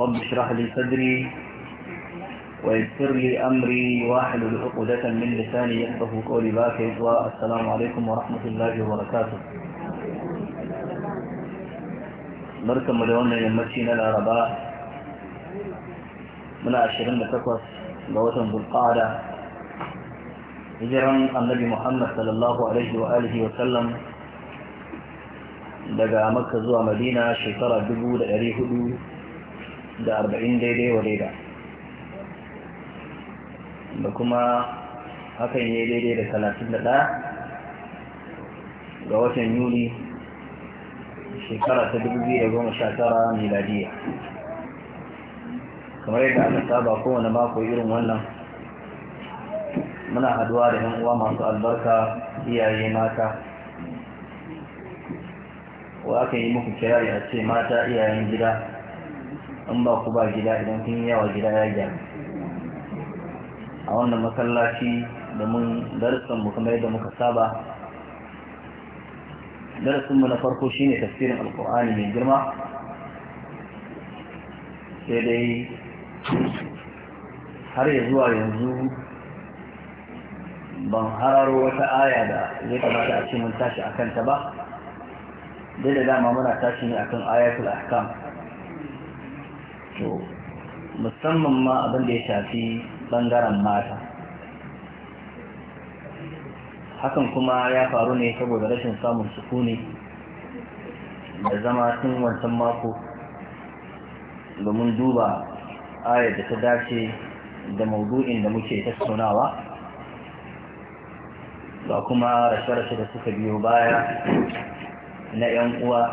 رب اشرح لي صدري ويسر لي امري واحد عقدة من لساني يحفظ قولي باكر والسلام عليكم ورحمة الله وبركاته. مركم مدونة يمشينا العرباء من عشرين لتقوس لوثن بالقاعدة هجرا النبي محمد صلى الله عليه واله وسلم daga مكة zuwa مدينة شيطرة dubu da dari da arba'in daidai wa daida da kuma hakan ya daidai da talatin da ɗaya ga watan yuli shekara ta dubu biyu da goma sha tara miladiya kamar yadda aka saba kowane mako irin wannan muna haduwa da yan uwa masu albarka iyaye mata wa aka yi muku kirari a ce mata iyayen gida in ba ku ba gida idan kun yi yawa gida ya gyara a wannan masallaci domin mu kamar yadda muka saba mu na farko shine tafsirin alkur'ani mai girma sai dai har ya zuwa yanzu ban hararo wata aya da zai kamata a ce mun tashi a kanta ba dai da dama muna tashi ne akan ayatul ahkam to musamman ma abin da ya shafi bangaren mata hakan kuma ya faru ne saboda rashin samun sukuni da zama tun wancan mako domin duba ayar da ta dace da maudu'in da muke tattaunawa ga kuma rashe-rashe da suka biyo baya na 'yan uwa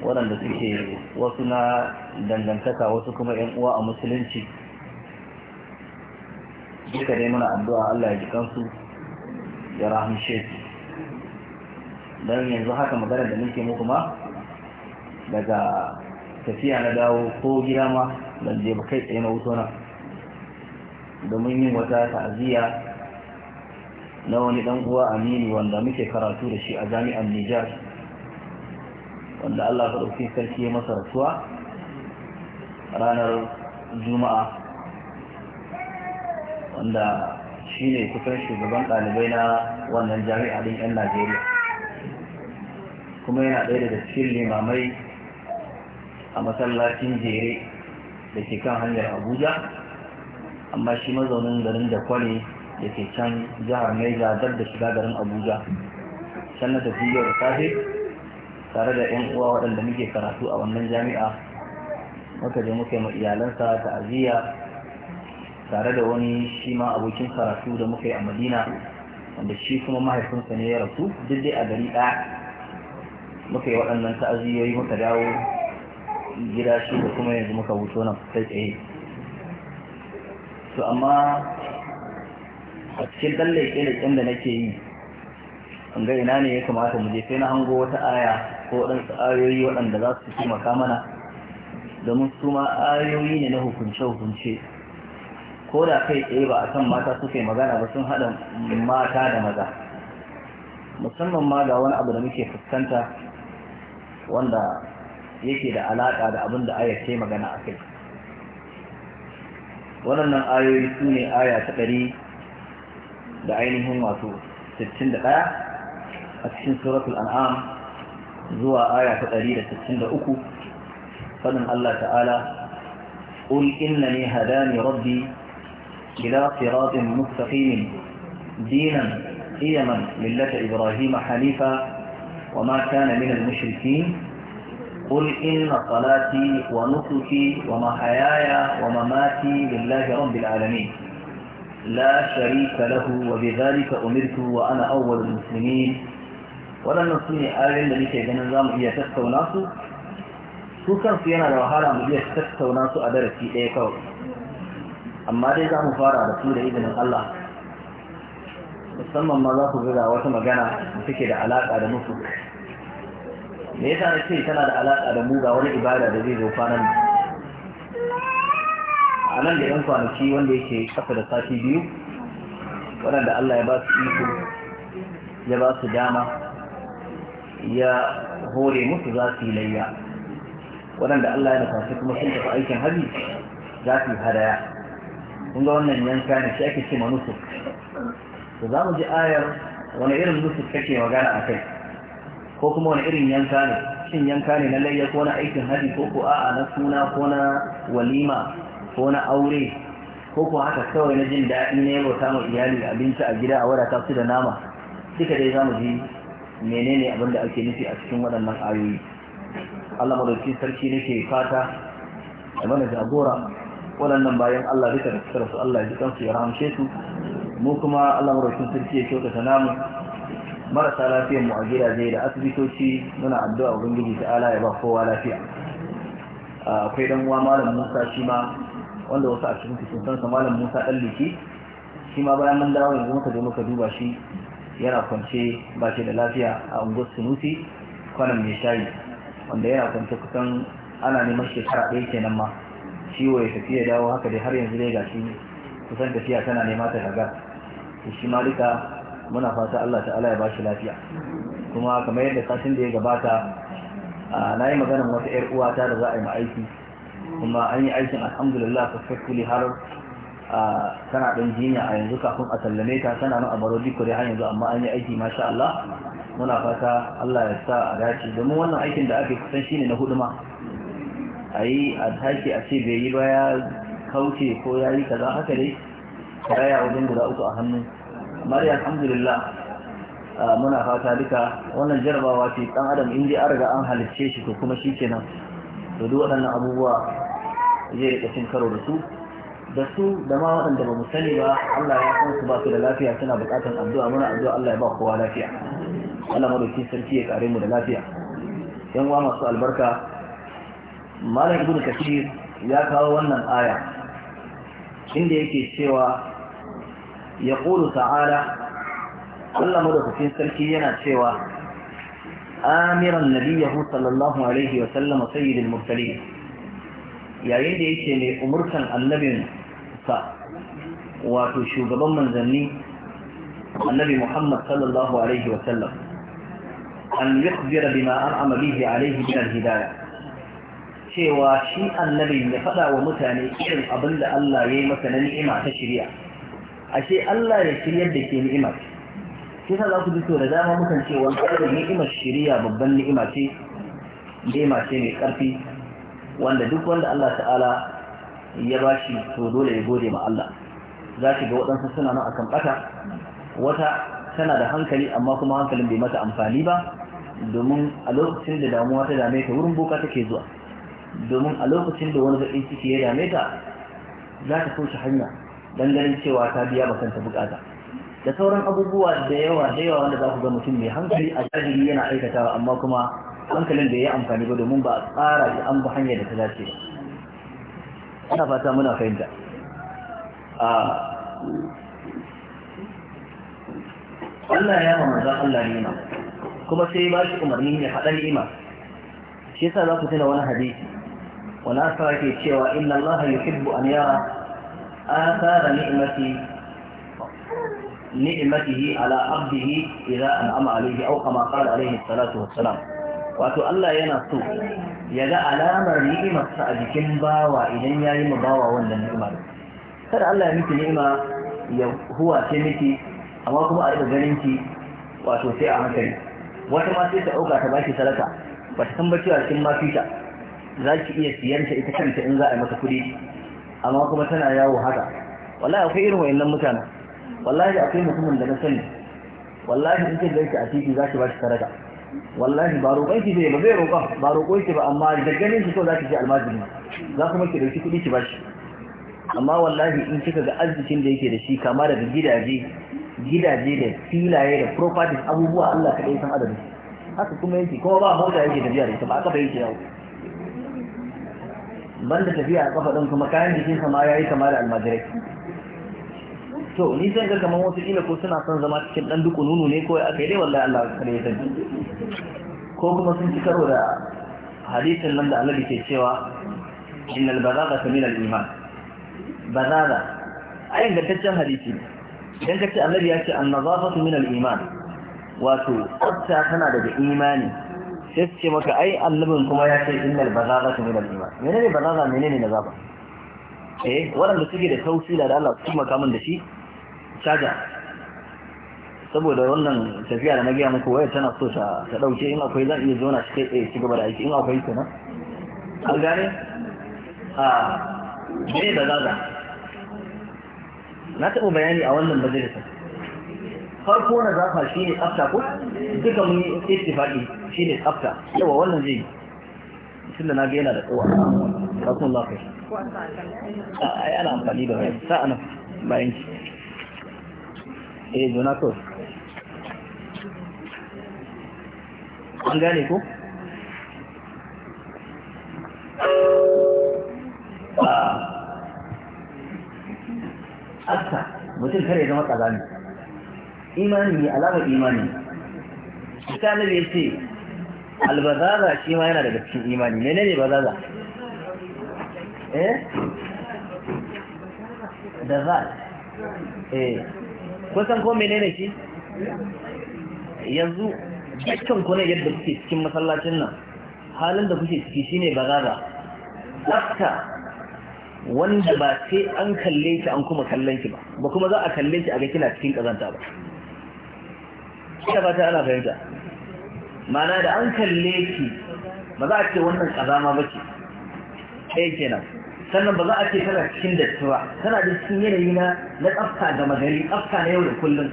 waɗanda suke wasu na dangantaka wasu kuma yan uwa a musulunci duka dai muna addu'a Allah ya ji kansu ya rahamshe su don yanzu haka magana da muke muku ma daga tafiya na dawo ko gida ma don je ba kai tsaye na wuto na domin yin wata ta'aziyya na wani dan uwa Aminu wanda muke karatu da shi a jami'an Nijar wanda Allah ya sarki masa rasuwa ranar juma'a wanda shi ne kusan shugaban ɗalibai na wannan jami'a ɗin 'yan najeriya kuma yana ɗaya daga cikin limamai a masallacin jere da ke kan hanyar abuja amma shi mazaunin garin da kware da ke can jihar naija dar da shiga garin abuja can na tafi yau da safe tare da 'yan uwa waɗanda muke karatu a wannan jami'a muka je muka yi ma iyalansa ta'aziyya tare da wani shi ma abokin karatu da muka yi a madina wanda shi kuma mahaifinsa ne ya rasu duk dai a gari ɗaya muka yi waɗannan ta'aziyoyi muka dawo gida shi da kuma yanzu muka wuto nan kai tsaye to amma a cikin ɗan leƙe-leƙen da nake yi an ga ina ne ya kamata mu je sai na hango wata aya ko waɗansu ayoyi waɗanda za su taimaka mana domin su ma ayoyi ne na hukunce-hukunce ko da kai tsaye ba a kan mata suke magana ba sun haɗa mata da maza musamman ma ga wani abu da muke fuskanta wanda yake da alaƙa da abin da ayyace magana a kai waɗannan ayoyi su ne aya ta ɗari da ainihin wato 61 a cikin suratul an'am zuwa aya ta ɗari da uku. فمن الله تعالى قل إنني هداني ربي إلى صراط مستقيم دينا قيما ملة إبراهيم حنيفا وما كان من المشركين قل إن صلاتي ونسكي ومحياي ومماتي لله رب العالمين لا شريك له وبذلك أمرت وأنا أول المسلمين ولن نصني آل آية الذي كان نظام هي تستوناسه su kansu yana da wahala mu iya tattauna su a darasi ɗaya kawai amma dai za mu fara da su da izinin Allah musamman ma za ku ga wata magana da take da alaƙa da musu me yasa na ce tana da alaƙa da mu ga wani ibada da zai zo kwanan a nan da yan kwanaki wanda yake kafa da sati biyu waɗanda Allah ya ba su iko ya ba su dama ya hore musu za su yi layya waɗanda Allah ya nufa kuma sun tafi aikin hajji za su yi hadaya kun ga wannan yanka ne shi ake ce ma nusuk to za mu ji ayar wani irin nusuk kake magana a kai ko kuma wani irin yanka ne shin yanka ne na layya ko na aikin hajji ko ko a'a na suna ko na walima ko na aure ko ko haka kawai na jin daɗi ne bauta ma iyali abinci a gida a wadata su da nama duka dai za mu ji menene abin da ake nufi a cikin waɗannan ayoyi Allah madauki sarki nake fata da mana jagora waɗannan bayan Allah duka da suka rasu Allah ji kansu ya rahamshe su mu kuma Allah madauki sarki ya kyautata namu marasa lafiyar mu a gidaje da asibitoci muna addu'a ubangiji ta'ala ya ba kowa lafiya akwai dan uwa malam Musa shi ma wanda wasu a cikin sun san malam Musa dan liki shi ma bayan mun dawo yanzu muka je muka duba shi yana kwance ba shi da lafiya a unguwar Sunusi kwanan mai shayi wanda yana kwance kusan ana neman shekara ɗaya kenan ma ciwo ya tafi ya dawo haka dai har yanzu dai gashi kusan tafiya tana nema ta daga to shi malika muna fata Allah ta'ala ya bashi lafiya kuma kamar yadda sashin da ya gabata na yi maganar wata yar uwata da za a yi ma aiki kuma an yi aikin alhamdulillah successfully har tana ɗan jinya a yanzu kafin a sallame ta tana nan a barodi kure har yanzu amma an yi aiki masha Allah muna fata Allah ya sa a dace domin wannan aikin da ake kusan shine na huduma a yi a tashi a ce bai yi ba ya kauce ko ya yi kaza haka dai karaya wajen guda uku a hannu amma alhamdulillah muna fata duka wannan jarabawa ce dan adam in dai an riga an halicce shi ko kuma shi kenan to duk waɗannan abubuwa zai rika cin karo da su da su da ma waɗanda ba mu sani ba Allah ya san su ba su da lafiya suna buƙatar addu'a muna addu'a Allah ya ba kowa lafiya Allah madauki sarki ya kare mu da lafiya yan uwa masu albarka malam ibn kashir ya kawo wannan aya inda yake cewa ya ƙuru ta'ala Allah madaukakin sarki yana cewa amiran nabiyahu sallallahu alaihi wa sallam sayyidul mursalin yayin da yake mai umurtan annabin sa wato shugaban manzanni annabi Muhammad sallallahu alaihi wa sallam an yukhbira bima an bihi alayhi min al hidaya cewa shi annabin ya faɗa wa mutane irin abin da Allah ya yi masa na ni'ima ta shirya ashe Allah ya shiryar da ke ni'ima shi sa za ku ji da dama mukan cewa wani ƙarfin ni'imar shirya babban ni'ima ce ni'ima ce mai ƙarfi wanda duk wanda Allah ta'ala ya ba shi to dole ya gode ma Allah za ga waɗansu suna nan akan ɓata wata tana da hankali amma kuma hankalin bai mata amfani ba domin a lokacin da damuwa ta dame ta wurin boka take zuwa domin a lokacin da wani zaɓin ciki ya dame ta za ta kauce hanya don ganin cewa ta biya ba kanta bukata da sauran abubuwa da yawa da yawa wanda za ku ga mutum mai hankali a jahili yana aikatawa amma kuma hankalin da ya yi amfani ba domin ba a tsara da an bi hanyar da ta dace ba ana fata muna fahimta ah, Allah ya ma manzan Allah ni'ima kuma sai ba shi umarni ya faɗa ni'ima shi yasa za ku tuna wani hadisi wani asara ke cewa inna Allah yuhibbu an yara athara ni'mati ni'matihi ala abdihi idza an'ama alayhi aw kama qala alayhi salatu wassalam wato Allah yana so ya ga alamar ni'imarsa a jikin bawa idan ya yi ma bawa wannan ni'imar kada Allah ya miki ni'ima ya huwace miki amma kuma a rika ganin ki wato sai a hankali wata ma sai ta ɗauka ta baki sadaka ba ta san ba cewa kin ma fita za ki iya siyan ta ita kanta in za a yi mata kuɗi amma kuma tana yawo haka wallahi akwai irin wayannan mutanen wallahi akwai mutumin da na sani wallahi in kin ganki a titi za ki ba shi sadaka wallahi ba roƙon ki ba zai roƙa ba roƙon ki ba amma da ganin ki so za ki je almajiri za kuma ki dauki kuɗi ki ba shi amma wallahi in kika ga arzikin da yake da shi kama daga gidaje gidaje da filaye da properties abubuwa Allah kaɗai san adadin haka kuma yanki kuma ba mota yake tafiya da ita ba kafa yau. Ban banda tafiya a kafa ɗin kuma kayan jikin sama ya yi kama da almajirai to ni zan ga kamar wasu kila ko suna son zama cikin ɗan duku nunu ne ko aka yi dai wallahi Allah kaɗai san ko kuma sun ci karo da hadisin nan da Allah ke cewa innal bazaqa min al iman bazaqa ayin gantaccen hadisi ne idan ka ce annabi ya ce annazafatu min al-iman wato tsafta tana daga imani sai su ce maka ai annabin kuma ya ce innal bazazatu min al-iman menene bazaza menene nazafa eh waɗanda suke da tausila da Allah su makamin da shi caja saboda wannan tafiya da na gaya muku waya tana so ta ta dauke in akwai zan iya zauna shi kai tsaye ci gaba aiki in akwai kenan an gane a ah, da bazaza na taɓa bayani a wannan majalisa farko na zafa shi ne tsafta ko duka mun yi istifaki shi ne tsafta yawa wannan zai yi tunda na ga yana da tsawa ba kun lafi ai ana amfani da wani sa'ana bayan shi eh donato an gane ko ah asta mutum kare zama kazani imani ne alamar imani ita nabi ya ce albazaza shi ma yana daga cikin imani ne ne bazaza eh da za eh kusan ko menene shi yanzu dukkan kone ne yadda kuke cikin masallacin nan halin da kuke ciki shine bazaza tsafta wanda ba sai an kalle ki an kuma kallon ki ba ba kuma za a kalle ki a ga kina cikin kazanta ba ita ta ana fahimta ma'ana da an kalle ki ba za a ce wannan kazama ba ce ɗaya kenan sannan ba za a ce tana cikin datti ba tana da cikin yanayi na na tsafta da magari tsafta na yau da kullum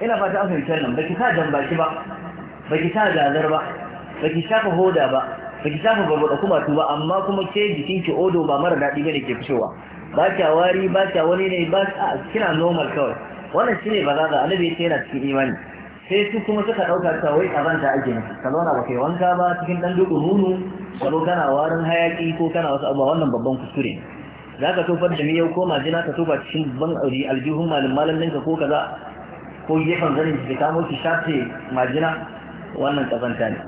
ina fata an fahimta nan ba ki sa jan baki ba ba ki sa gazar ba ba ki shafa hoda ba baki ki samu ba kuma tuba ba amma kuma ke jikin ki odo ba mara daɗi bane ke fitowa ba kya wari ba kya wani ne ba kina normal kawai wannan shine ba za ga annabi ya yana cikin imani sai su kuma suka ɗauka ta wai ta ake ne ka zauna ba kai wanka ba cikin ɗan duku nunu ka zo kana warin hayaki ko kana wasu abuwa wannan babban kuskure za ka tofar da miyau ko majina ka tofa cikin ban aljihun malam-malam ka ko kaza ko gefen zanin ki kamo ki shafe majina wannan ƙazanta ne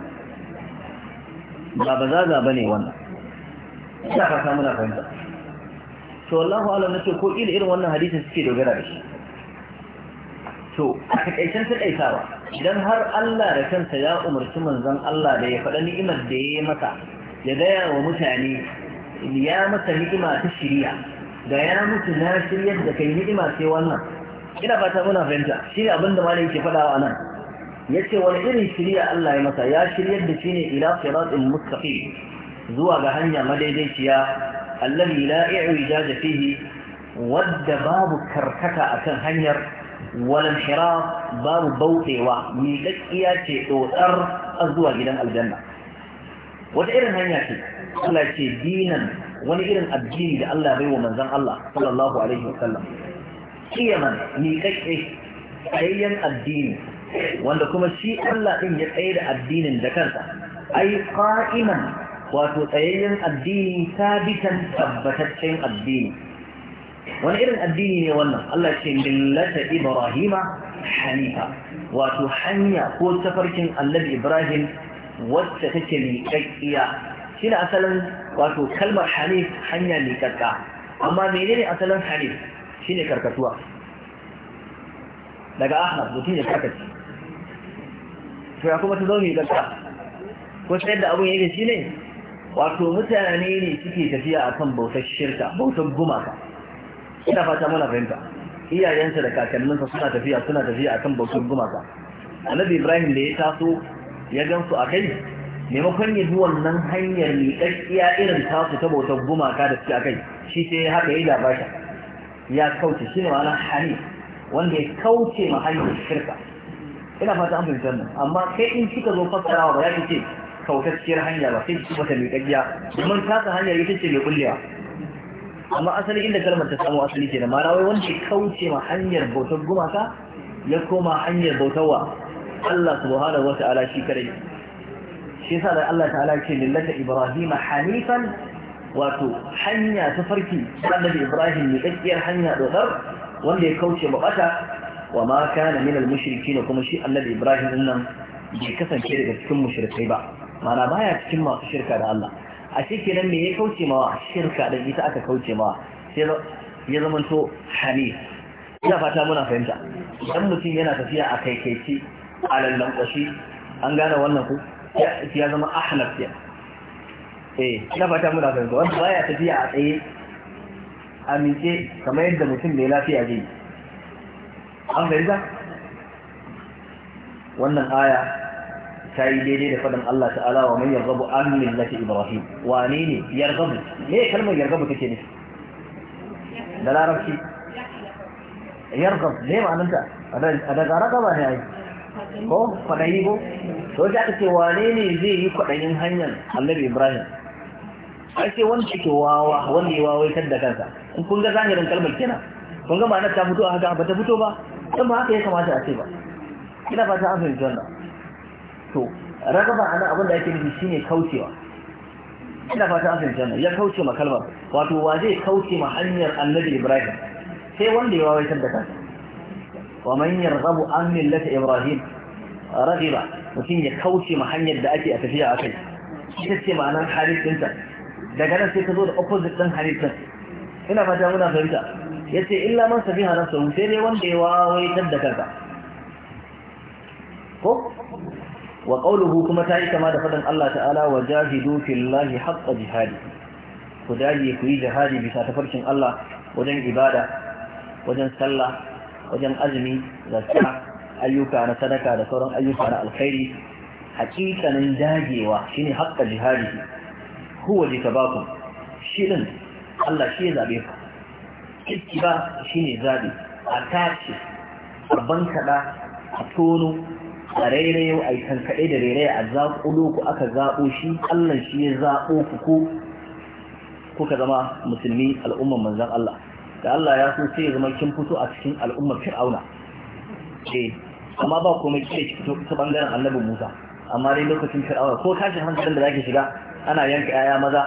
ba ba zaza ba ne wannan Ya fata muna fahimta to Allah alam na ce ko ila irin wannan hadisin suke dogara da shi to a takaicen ɗaisawa idan har Allah da kansa ya umarci manzon Allah da ya faɗa ni'imar da ya yi masa ya gaya wa mutane ya masa ni'ima ta shirya da ya mutu na shiryar da kai ni'ima ce wannan ina fata muna fahimta shi ne abin da malai yake faɗawa nan yace wani irin shirya Allah ya masa ya shiryar da shi ne ila siratul mustaqim zuwa ga hanya madaidaiciya allazi la da fihi wadda babu karkata akan hanyar walan hiraf babu bautewa ni dakkiya ce dotsar zuwa gidan aljanna wata irin hanya ce Allah ce dinan wani irin addini da Allah bai wa manzon Allah sallallahu alaihi wasallam kiyaman ni kakke ayyan addini wanda kuma shi Allah ɗin ya tsaye da addinin da kansa ai qa'iman wato tsayayyen addini sabitan tabbataccen addini wani irin addini ne wannan Allah ce millata ibrahima hanifa wato hanya ko tafarkin annabi ibrahim wacce take liƙaƙƙiya shi ne asalin wato kalmar hanif hanya liƙaƙƙa amma menene asalin hanif shi ne karkatuwa daga ahmad mutum ya karkace ya kuma ta zaune mai ko sai da abun yake shine wato mutane ne suke tafiya akan bautar shirka bautar gumaka ina fata muna fahimta iyayensa da kakanninsa suna tafiya suna tafiya akan bautar gumaka annabi ibrahim da ya taso ya gansu a kai maimakon ya bi wannan hanyar miƙaƙƙiya irin tasu ta bautar gumaka da suke a kai shi sai haka ya gabata ya kauce shi ne ma'ana hani wanda ya kauce ma hanyar shirka ina fata an fahimtar nan amma kai in kika zo fassara ba za ki ce kautacciyar hanya ba sai ki bata mai ƙarya domin taka hanya ita ce mai kullewa amma asali inda kalmar ta samu asali ke da mara wai wanda kauce ma hanyar bautar gumaka ya koma hanyar bautarwa. Allah subhanahu wa ta'ala shi kare. shi yasa da Allah ta'ala ce lillata Ibrahim hanifan wato hanya ta farki annabi Ibrahim ne tsakkiyar hanya dokar wanda ya kauce ma bata wa ma kana min al-mushrikin kuma shi annabi Ibrahim din nan bai kasance daga cikin mushrikai ba mana baya cikin masu shirka da Allah a cikin me ya kauce mawa shirka da ita aka kauce mawa ya zamanto hanif ina fahimta idan mutum yana tafiya a kaikaici a lallanƙwashi an gane wannan ku ya zama eh ina fata muna fahimta wanda baya tafiya a tsaye a kamar yadda mutum mai lafiya zai an gaida wannan aya ta yi daidai da fadin Allah ta'ala wa manyan rabu an millati ibrahim wane ne yarghabu me kalmar yarghabu take ne da larabci yarghab ne ma'ananta a daga ragaba ne ai ko kwadayi ko so da aka ce wane ne zai yi kwadayin hanyar annabi ibrahim a ce wani ke wawa wanda ya wawaitar kansa in kun ga zahirin kalmar kenan kun ga ma'anar ta fito a haka ba ta fito ba dan ba haka ya kamata a ce ba ina fata an fahimci wannan to ragaba nan abin da ake nufi shine kaucewa ina fata an fahimci wannan ya kauce ma kalmar wato wa zai kauce ma hanyar annabi ibrahim sai wanda ya wawaitar da kansa wa man yarghabu an millati ibrahim ragiba mutum ya kauce ma hanyar da ake a tafiya a kai ita ce ma'anar halittinta daga nan sai ka zo da opposite din halittin ina fata muna fahimta ya ce illa man safi harasa sai ne wanda ya wawai da kansa ko wa ƙauluhu kuma ta yi kama da faɗin Allah ta'ala wa jahidu fillahi haqqa jihadi ku dage ku yi jihadi bisa ta farkin Allah wajen ibada wajen sallah wajen azumi zakka ayyuka na sadaka da sauran ayyuka na alkhairi hakikanin dagewa shine haqqa jihadi huwa jitabakum shi Allah shi ya zaɓe ku ba shi ne zabi a tashi a bankada a tono a rairayo a yi tankaɗe da rairaya a zaɓo ku aka zaɓo shi Allah shi ya zaɓo ku ko kuka zama musulmi al'ummar manzan Allah da Allah ya so sai ya zama kin fito a cikin al'ummar Fir'auna eh amma ba kuma kike ki fito ta bangaren Annabi Musa amma dai lokacin Fir'auna ko kashi hankalin da zaki shiga ana yanka yaya maza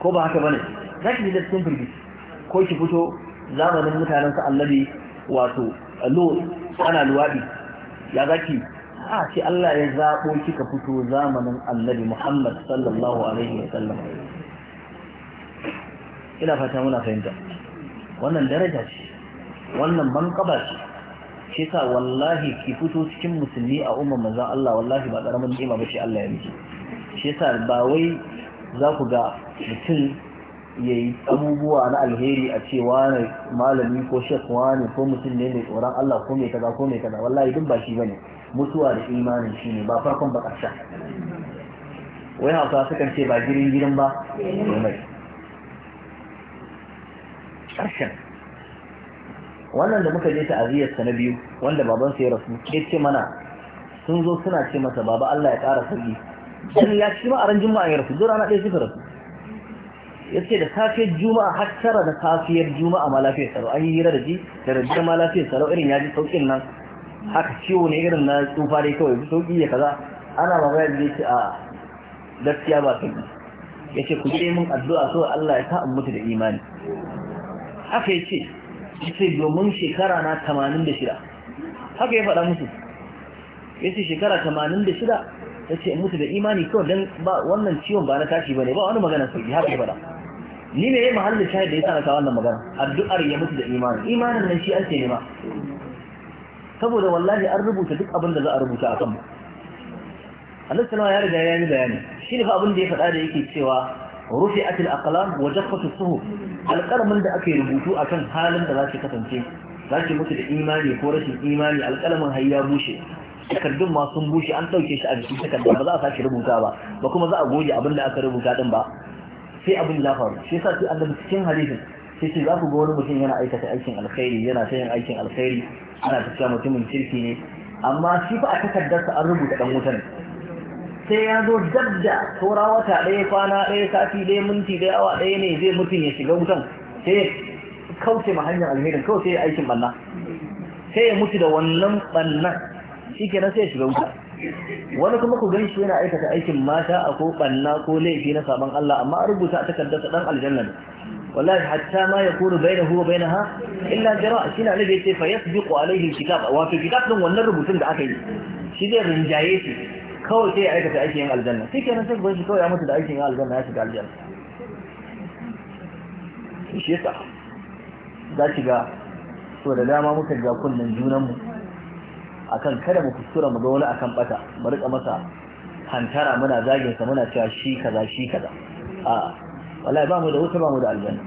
ko ba haka bane zaki ji da cikin firgi ko ki fito zamanin mutanen sa annabi wato lo ana luwaɗi. ya zaki a ce Allah ya zabo kika fito zamanin annabi Muhammad sallallahu alaihi wa sallam ina fata muna fahimta wannan daraja ce wannan manqaba ce shi sa wallahi ki fito cikin musulmi a umma maza, Allah wallahi ba karamin ni'ima shi Allah ya miki shi sa ba wai za ku ga mutum ya yi abubuwa na alheri a ce wani malami ko shek ne ko mutum ne mai tsoron Allah ko mai kaza ko mai kaza wallahi duk ba shi ne mutuwa da imanin shi ne ba farkon ba ƙarshen wai hausa sukan ce ba girin girin ba mai ƙarshen wannan da muka je ta aziyarsa na biyu wanda baban sai ya rasu ya ce mana sun zo suna ce masa baba Allah ya ƙara sauki dan ya ci ma a ranjin ya rasu zura na ɗaya suka rasu ya ce da safiyar juma'a har tara da safiyar juma'a ma lafiyar tsaro an yi hira da ji da rabbiyar ma lafiyar tsaro irin ya ji sauƙin nan haka ciwo ne irin na tsufa dai kawai sauƙi ya kaza ana bayan da ce a gaskiya ba sauƙi ya ce ku je min addu'a so Allah ya sa in mutu da imani haka ya ce ya ce domin shekara na tamanin da shida haka ya faɗa musu ya ce shekara tamanin da shida yace ce in mutu da imani kawai don wannan ciwon ba na tashi ba ne ba wani magana sauki haka ya faɗa ni ne mahallin shahid da ya sana wannan magana addu'ar ya mutu da imani imanin nan shi an ce nema saboda wallahi an rubuta duk abin da za a rubuta a kanmu Allah sanawa ya riga ya yi bayani shi ne fa abin da ya faɗa da yake cewa rufi atil aqlam wa jaffatu suhuf alqalamin da ake rubutu akan halin da za ki kasance za ki mutu da imani ko rashin imani alqalamin har ya bushe takardun ma sun bushe an ɗauke shi a jikin takarda ba za a sake rubuta ba ba kuma za a goge abin da aka rubuta din ba sai abin ya faru shi yasa sai annabi cikin hadisin sai ce za ku ga wani mutum yana aikata aikin alkhairi yana ta yin aikin alkhairi ana tafiya mutumin kirki ne amma shi fa a takardarsa an rubuta dan wutan sai ya zo dab da saura wata ɗaya kwana ɗaya sati ɗaya minti ɗaya awa ɗaya ne zai mutum ya shiga wutan sai kauce ma hanyar alherin kawai sai aikin banna sai ya mutu da wannan bannan shi kenan sai ya shiga wuta wani kuma ku gan shi yana aikata aikin mata a ko ɓanna ko laifi na saban Allah amma a rubuta a takardarsa ɗan aljanna ne wallahi hatta ma yakunu bainahu wa bainaha illa jara shi na nabi yace fa yasbiqu alaihi kitab wa fi kitab din wannan rubutun da aka yi shi zai rinjaye shi kawai sai ya aikata aikin yan aljanna shi kenan sai bai shi kawai ya mutu da aikin yan aljanna ya shiga aljanna shi yasa za ki ga so da dama muka ga kunnen junanmu akan kada mu kuskura mu ga wani akan bata mu rika masa hantara muna zagin sa muna cewa shi kaza shi kaza a wallahi ba mu da wuta ba mu da aljanna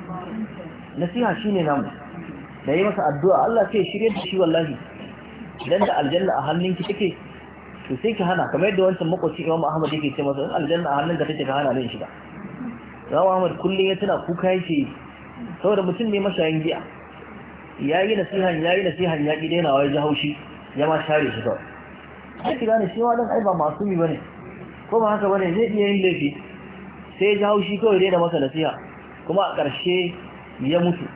nasiha shine namu da yi masa addu'a Allah sai shirye da shi wallahi idan da aljanna a hannun ki take to sai ki hana kamar yadda wancan makoci Imam Ahmad yake ce masa aljanna a hannun ka take ka hana ne shiga Imam Ahmad kullum ya tana kuka yake saboda mutum ne mashayin giya yayi nasihan yayi nasihan ya dena daina wai ji haushi ya ma share shi kawai aiki gane shi ma dan ai ba masu mi bane ko ba haka bane zai iya yin laifi sai ya haushi kawai dai da masa nasiha kuma a ƙarshe ya mutu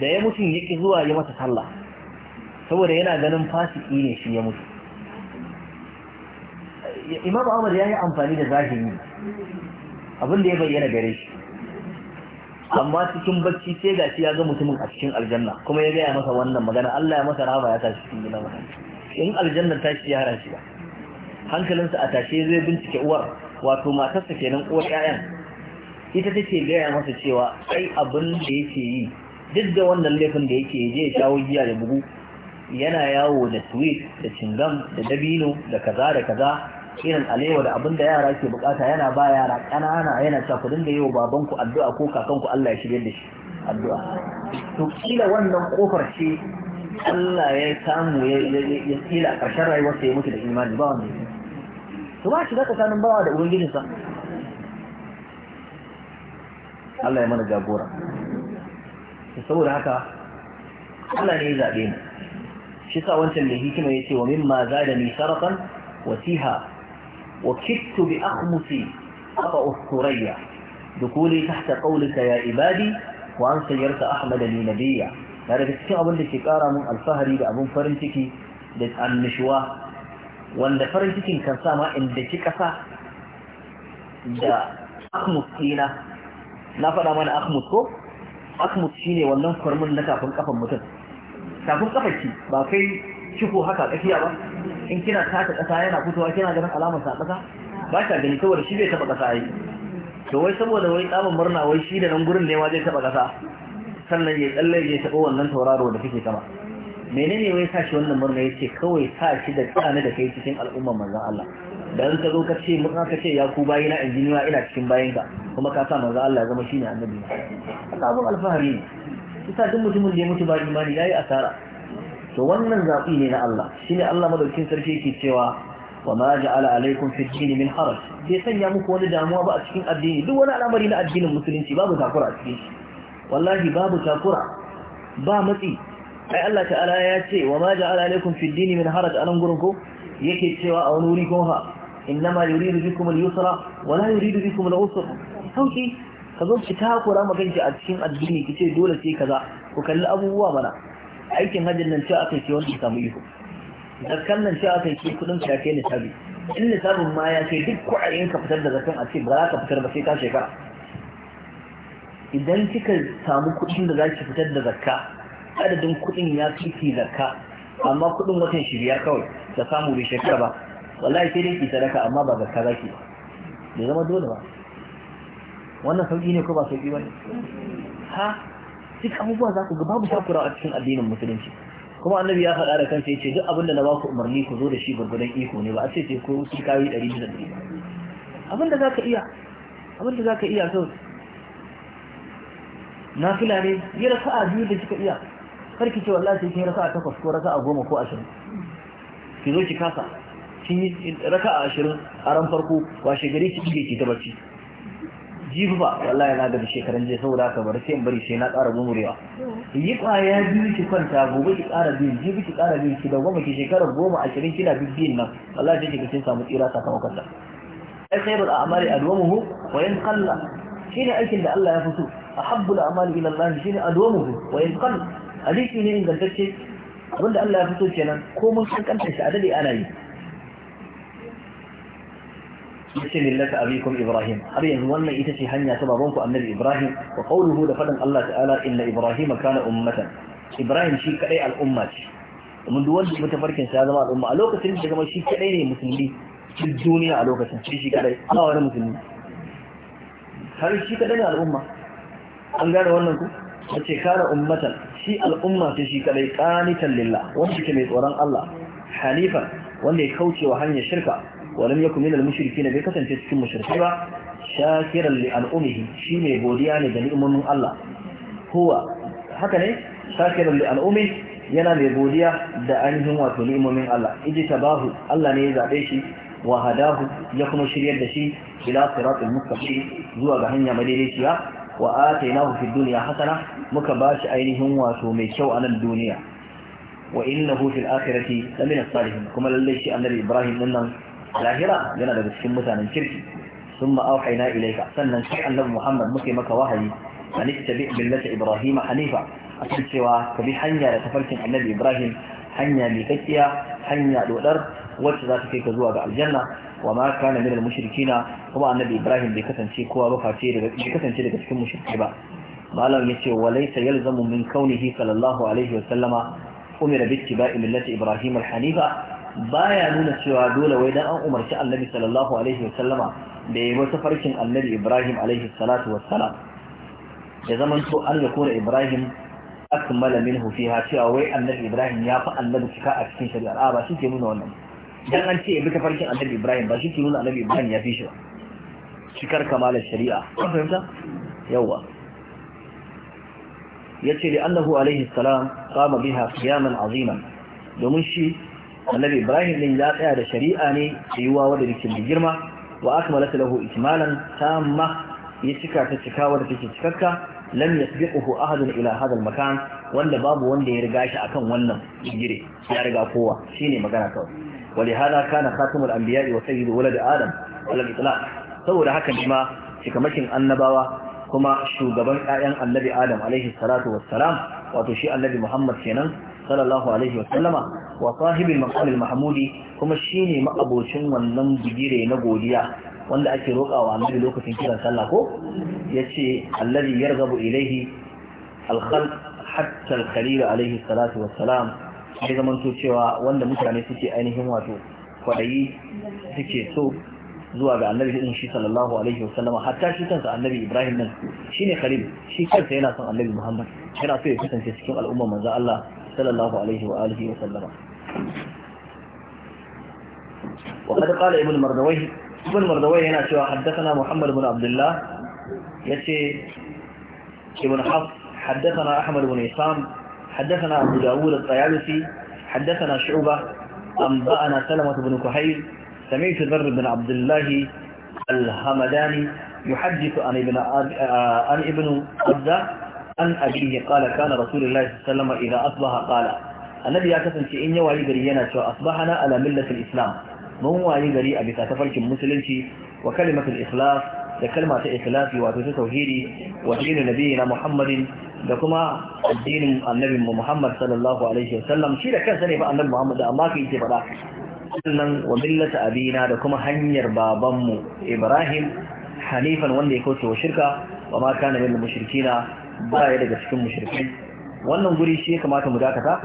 da ya mutu ya ki zuwa ya masa sallah saboda yana ganin fasiki ne shi ya mutu imam ahmad ya yi amfani da zahiri abin da ya bayyana gare shi amma cikin bacci sai shi ya ga mutumin a cikin aljanna kuma ya gaya masa wannan magana Allah ya masa rahama ya tashi cikin gina mutane in aljanna ta shi yara shi ba hankalinsa a tashe zai bincike uwar wato matarsa kenan uwar 'ya'yan ita take gaya masa cewa ai abin da yake yi duk da wannan laifin da yake je ya shawo giya da bugu yana yawo da sweet da cingam da dabino da kaza da kaza irin alewa da abin da yara ke bukata yana ba yara ƙanana yana cewa ku dinga yi wa babanku addu'a ko kakanku Allah ya shirye da shi addu'a to kila wannan kofar ce Allah ya samu ya tsira a ƙarshen rayuwarsa ya mutu da imani ba wanda ya to ba shi zaka sanin bawa da ubangijinsa Allah ya mana jagora saboda haka Allah ne ya zaɓe mu shi sa wancan mai hikima ya ce wa mimma zada ni sarakan wasiha wa kittu bi akhmusi afa usturayya dukuli tahta qawlika ya ibadi wa an sayyarta ahmada li nabiyya na daga cikin abin da ke kara mun alfahari da abin farin ciki da annishuwa wanda farin cikin kan sa ma inda ki kasa da akhmus kina na faɗa mana akhmus ko akhmus shine wannan kwarmin na kafin kafan mutum kafin kafar ki ba kai kiko haka kafiya ba in kina taka kasa yana fitowa kina ganin alamar sa kasa ba ta gani saboda shi bai taba kasa yi to wai saboda wai tsamin murna wai shi da nan gurin ne ma zai taba kasa sannan ya tsalle ya taɓa wannan tauraro da kake kama menene wai sa shi wannan murna yace kawai sa shi da tsani da kai cikin al'umma manzon Allah dan ka zo ka ce mun aka ce ya ku bayina injiniya ina cikin ka, kuma ka sa manzon Allah ya zama shine annabi haka abun alfahari ne kisa duk mutumin da ya mutu ba imani yayi asara to wannan zaɓi ne na Allah shine Allah madaukin sarki yake cewa wa ma ja'ala alaikum fi dini min haraj bai sanya muku wani damuwa ba a cikin addini duk wani al'amari na addinin musulunci babu takura a cikin shi wallahi babu takura ba matsi ai Allah ta'ala ya ce wa ma ja'ala alaikum fid dini min haraj anan gurin ko yake cewa a wani wuri kuma fa innama yuridu bikum al-yusra wa la yuridu bikum al-usra sauki ka zo ki takura ma a cikin addini kice dole sai kaza ku kalli abubuwa mana aikin hajjin nan ce aka ce wanda samu iko zakkan nan ce aka ce kudin ka kai ne sabi in nisabin ma ya ce duk ku'ayen ka fitar da zakkan a ce ba za ka fitar ba sai ka shekara idan kika samu kuɗin da za ki fitar da zakka adadin kuɗin ya fi zakka amma kuɗin watan shi biyar kawai da samu bai shekara ba wallahi sai dai ki sadaka amma ba zakka za ki ba bai zama dole ba wannan sauki ne ko ba sauki ba ne ha duk abubuwa za ku ga babu shakura a cikin addinin musulunci kuma annabi ya faɗa da kansa ce, duk abin da na ku umarni ku zo da shi gurgurdan iko ne ba a ce ko sun kayi ɗari da ɗari abin da ka iya abin da ka iya kawai na fila ne yi raka'a biyu da kika iya karki ce wallahi sai kin raka'a takwas ko a goma ko ashirin ki zo ki kasa kin yi raka'a ashirin a ran farko washe gari ki kike ki ta bacci jibi ba wallahi na gada shekaran jiya saboda haka bari sai in bari sai na ƙara gumurewa yi kwaya biyu ki kwanta gobe ki ƙara biyu jibi ki ƙara biyu ki da goma ki shekarar goma ashirin kina bibbiyin nan wallahi sai kika sun samu tsira sakamakon ta ai khairul a adwamuhu wa kalla shi ne aikin da Allah ya fi so أحب الأعمال إلى الله شيء أدومه وإن قل أليس إني إن قلت شيء أقول أن لا أفتوك أنا كوم الخلق أنت سعد لي أنا بسم إيه. الله أبيكم إبراهيم أبي أن وانا إتشي هنيا سبا رونك أمن الإبراهيم وقوله لفضل الله تعالى إن إبراهيم كان أمة إبراهيم شيء كأي الأمة ومن دول متفرق سيادما الأمة ألوك سنين تجمع شيء كأي مسلمين في الدنيا ألوك سنين شيء كأي آه، أنا مسلمين هل شيء كأي الأمة an gane wannan ku a ce kana ummatan shi al'umma ce shi kadai qanitan lillah wanda mai tsoron Allah halifan wanda ya kauce wa hanyar shirka walam yakun minal mushrikin bai kasance cikin mushrikai ba shakiran li al'umihi shi mai godiya ne ga ni'imomin Allah huwa haka ne shakiran li al'umi yana mai godiya da ainihin wato ni'imomin Allah iji tabahu Allah ne ya zabe shi wa hadahu ya kuma shiryar da shi ila siratul mustaqim zuwa ga hanya madaidaiciya wa atainahu fid dunya hasana muka bashi ainihin wato mai kyau a nan duniya wa innahu fil akhirati lamina salihin kuma lalle shi annabi Ibrahim din nan lahira yana daga cikin mutanen kirki thumma auhayna ilayka sannan sai annabi Muhammad muke maka wahayi an ittabi millata Ibrahim hanifa akan cewa ka bi hanya da tafarkin annabi Ibrahim hanya mai kakkiya hanya dodar wacce za ta kai ka zuwa ga aljanna wa ma kana min al-mushrikina kuma annabi Ibrahim bai kasance kowa ba face daga bai kasance daga cikin mushriki ba malam yace wa laysa yalzamu min kaunihi sallallahu alaihi wa sallama umira bi ittiba'i millati Ibrahim al-hanifa baya nuna cewa dole wai dan an umarci annabi sallallahu alaihi wa sallama da yi wata farkin annabi Ibrahim alaihi salatu wa salam ya zamanto an yakuna Ibrahim akmala minhu fiha cewa wai annabi Ibrahim ya fi annabi cika a cikin shari'a ba shi ke nuna wannan dan an ce bi tafarkin annabi ibrahim ba shi ke nuna annabi ibrahim ya fi shi ba cikar kamalar shari'a kun fahimta yawa yace da annahu alaihi salam qama biha qiyaman aziman domin shi annabi ibrahim din ya tsaya da shari'a ne tsayuwa yi take da girma wa akmalat lahu ta tamma ya cika ta cika wadda take cikakka lam yasbiquhu ahadun ila hadha makan wanda babu wanda ya riga shi akan wannan gire ya riga kowa shine magana kawai ولهذا كان خاتم الأنبياء وسيد ولد آدم على الإطلاق saboda haka shi ma shikamakin annabawa kuma shugaban ƴaƴan annabi Adam alaihi salatu wassalam wato shi annabi Muhammad kenan sallallahu alaihi wasallama wa sahibul maqamil mahmudi kuma shine ma'abocin wannan bigire na godiya wanda ake roƙawa annabi lokacin kiran sallah ko yace allazi yarghabu ilaihi al-khalq hatta al alaihi salatu ya zama to cewa wanda mutane suke ainihin wato kwadayi suke so zuwa ga annabi din shi sallallahu alaihi wasallama hatta shi kansa annabi Ibrahim nan shine Khalil shi kansa yana son annabi Muhammad yana so ya kasance cikin al'umma manzo Allah sallallahu alaihi wa alihi wa sallama وقد قال ابن مردويه ابن مردويه هنا شو حدثنا محمد بن عبد الله يتي ابن حفص حدثنا أحمد بن إسام حدثنا أبو داوود الطيالسي حدثنا شعبة أنبأنا سلمة بن كهيل سمعت البر بن عبد الله الهمداني يحدث عن ابن عن ابن عبد عن أبيه قال كان رسول الله صلى الله عليه وسلم إذا أصبح قال النبي أكثر في إن يوالي بريانا شو أصبحنا على ملة الإسلام من هو يجري أبي تفرج المسلم وكلمة الإخلاص da kalma ta ikhlasi wato ta tauhidi wa dinin nabiyina Muhammadin da kuma addinin annabin Muhammad sallallahu alaihi sallam. shi da kansa ne fa annabi Muhammad da amma kai ce fada sannan wa millata abina da kuma hanyar babanmu Ibrahim hanifan wanda ya kauce wa shirka wa ma kana min mushrikina ba ya daga cikin mushrikai wannan guri shi ya kamata mu dakata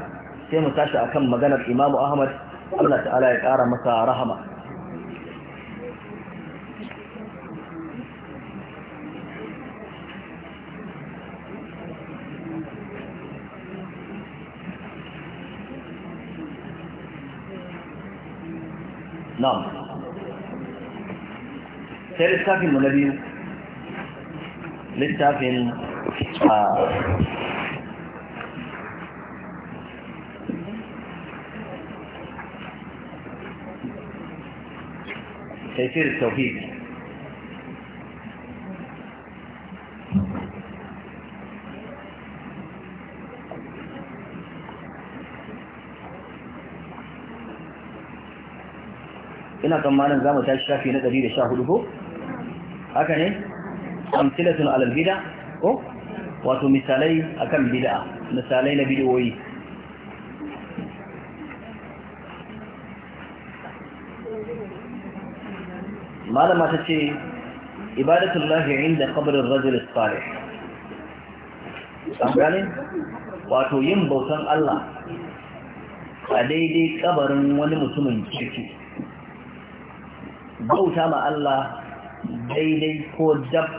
sai mu tashi akan maganar Imam Ahmad Allah ta'ala ya kara masa rahama Ka sai littafin mu na biyu littafin a تيسير التوحيد ina tsammanin za mu tashi shafi na 114 ko haka ne amsilatun alal bid'a ko wato misalai akan bid'a misalai na bid'o'i malama ta ce ibadatul lahi inda kabarin rajul salih an wato yin bautan Allah a daidai kabarin wani mutumin ciki bauta ma Allah daidai ko dab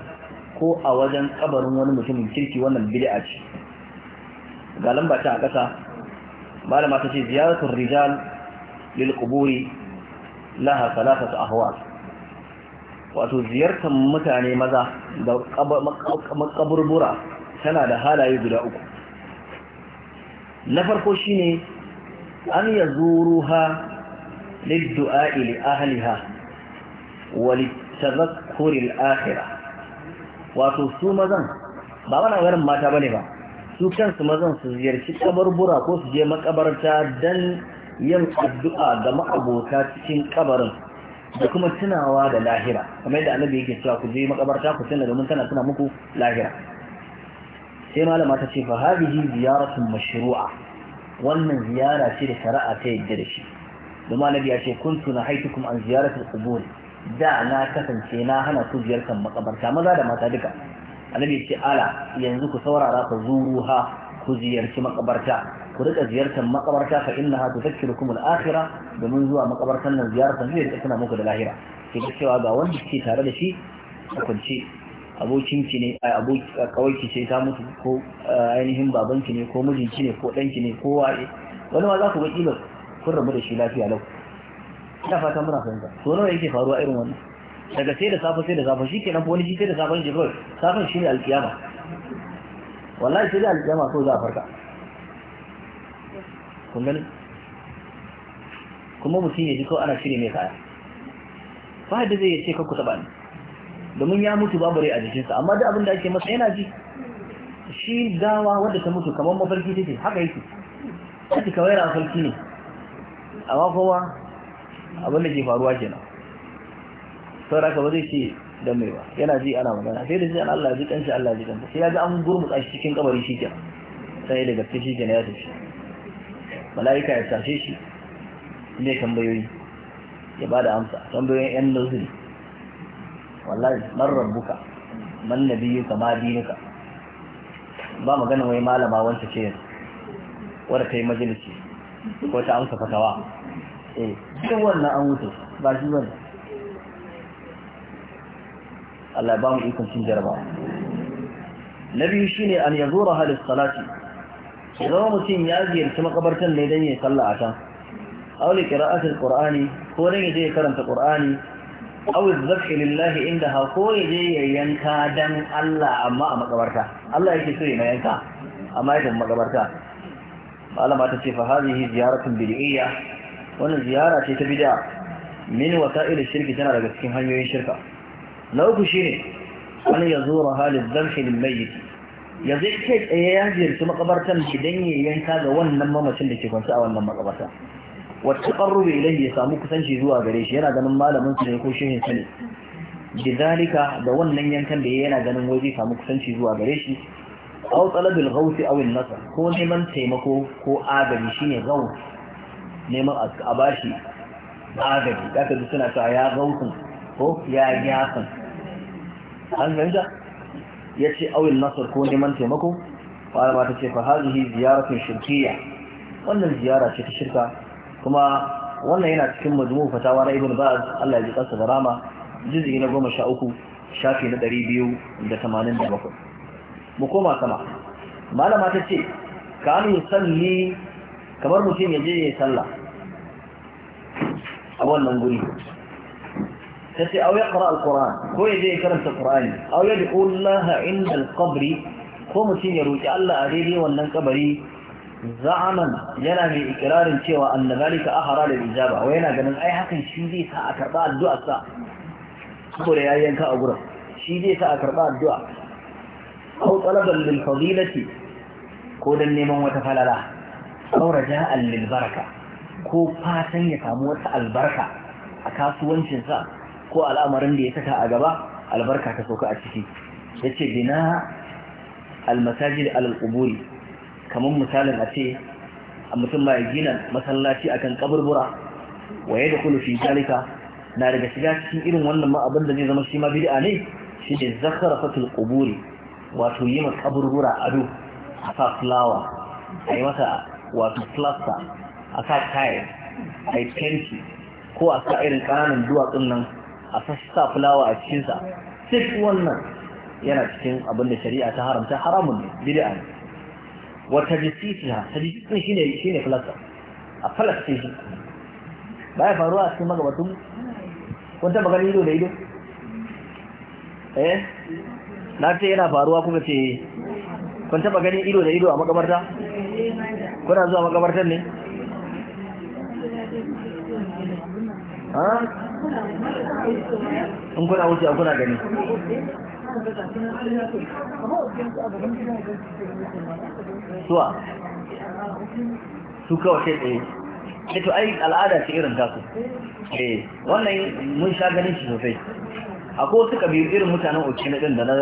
ko a wajen kabarin wani mutumin kirki wannan bid'a ce ga lamba ta a ƙasa malama ta ce ziyaratul rijal lil quburi laha thalathatu ahwal wato ziyartar mutane maza da makaburbura tana da halaye guda uku na farko shine an yazuruha lid du'a ahliha وللتذكر الآخرة wato su mazan ba wana ganin mata bane ba su kansu mazan su ziyarci kabarbura ko su je makabarta dan yin addu'a ga ma'abota cikin kabarin da kuma tunawa da lahira kamar yadda annabi yake cewa ku je makabarta ku tuna domin tana tuna muku lahira sai malama ta ce fa hadhihi ziyaratun mashru'a wannan ziyara ce da tara'a ta yadda da shi domin annabi ya ce kuntu na haitukum an ziyaratul qubur da na kasance na hana ku ziyartar makabarta maza da mata duka annabi ce ala yanzu ku saurara ku zuruha ku ziyarci makabarta ku rika ziyartar makabarta fa innaha tudhakkirukum al-akhirah domin zuwa makabartan nan ziyartar zai rika tana muku da lahira ke cewa ga wanda ke tare da shi hukunci abokinki ne a kawai ce ta mutu ko ainihin babanki ne ko mijinki ne ko ɗanki ne ko waye wani ma za ku ga kila kun rabu da shi lafiya lau ina fata muna fahimta so nawa yake faruwa irin wannan daga sai da safe sai da safe shi kenan wani shi sai da safen shi kawai safen shi ne alkiyama wallahi sai da alkiyama ko za a farka kun gani kuma mutum ya ji ko ana shiri mai kaya ba da zai ce kakku taba ni domin ya mutu babu rai a jikinsa amma da abin da ake masa yana ji shi gawa wadda ta mutu kamar mafarki take haka yake ta kawai a farki ne amma kowa abin da ke faruwa kenan saboda ka ba zai ce don mai ba yana ji ana magana sai da sai Allah ya ji shi Allah ya ji sai ya ga an gurmu shi cikin kabari shi ke sai da gaske shi kenan ya tafi mala'ika ya tashe shi ne tambayoyi ya bada amsa tambayoyin yan nuzuri wallahi man rabbuka man ka, ma dinuka ba magana wai malama wanta ce wadda ta yi majalisi ko ta amsa fatawa eh duk wannan an wuce ba shi bane Allah ba mu ikon cin jarabawa na biyu shine an yazura halis salati idan mutum ya ziyarci makabartan ne dan ya salla a can aw li qira'atil qur'ani ko dan ya je karanta qur'ani aw zakki lillahi indaha ko ya je ya yanka dan Allah amma a makabarta Allah yake so ya yanka amma ya makabarta malama ta ce fa hadhihi ziyaratun bid'iyya wannan ziyara ce ta bid'a min wasa'il shirki tana daga cikin hanyoyin shirka na uku shine an yazura halin dharhi lil mayyit ya zai ya ya ziyarci makabartan idan yayi yanka ga wannan mamacin da ke kwance a wannan makabarta wa taqarrubu ilayhi ya samu kusanci zuwa gare shi yana ganin malamin su ne ko shehin sa ne bidalika da wannan yankan da yana ganin waje samu kusanci zuwa gare shi aw talabil ghawsi aw an-nasr ko neman taimako ko agaji shine ghawsi neman a bashi agaji za ka suna cewa ya gautun ko ya gyasan an ganja ya ce awil nasar ko neman taimako ba ta ce fa hazihi ziyaratun shirkiya wannan ziyara ce ta shirka kuma wannan yana cikin majmu fatawa na ibn ba'az Allah ya ji kansa da rama juz'i na goma sha uku shafi na ɗari biyu da tamanin da bakwai mu koma sama malama ta ce kanu salli kamar mutum ya je ya sallah a wannan guri ta ce au ya ƙara alƙura'an ko ya je ya karanta ƙura'ani au ya da ƙullaha inda alƙabri ko mutum ya roƙi Allah a daidai wannan kabari za'aman yana mai ikirarin cewa ka ahara da ijaba wai yana ganin ai hakan shi zai sa a karɓa addu'a sa saboda ya yanka a gurin shi zai sa a karɓa addu'a au talaban lil fadilati ko dan neman wata falala au raja'an lil baraka ko fatan ya samu wata albarka a kasuwancinsa ko al'amarin da ya saka a gaba albarka ta sauka a ciki ya ce bina da al'uburi kamar misalin a ce a mutum mai gina masallaci akan kaburbura wa ya da kulu fi zalika na daga shiga cikin irin wannan ma abin da zai zama shi ma bid'a ne shi ne zakara fatul quburi wato yi ma kaburbura ado a sa fulawa a yi masa wato plaster a sa kayan a yi fenti ko a sa irin ƙananan duwatsun nan a sassa fulawa a cikinsa sif wannan yana cikin abin da shari'a ta haramta haramun ne bid'a ne wa tajsisiha tajsisin shine shine falasa a falasa shi baya faruwa a cikin magabatun wata magana ido da ido eh na ce yana faruwa kuma ce kun taba ganin ido da ido a makamarta kuna zuwa makamartar ne in kuna wuce kuna gani suwa su kawai sai tsaye ito eh, ai al'ada ce irin taku eh wannan mun sha ganin shi sosai akwai wasu kabilu irin mutanen na din da na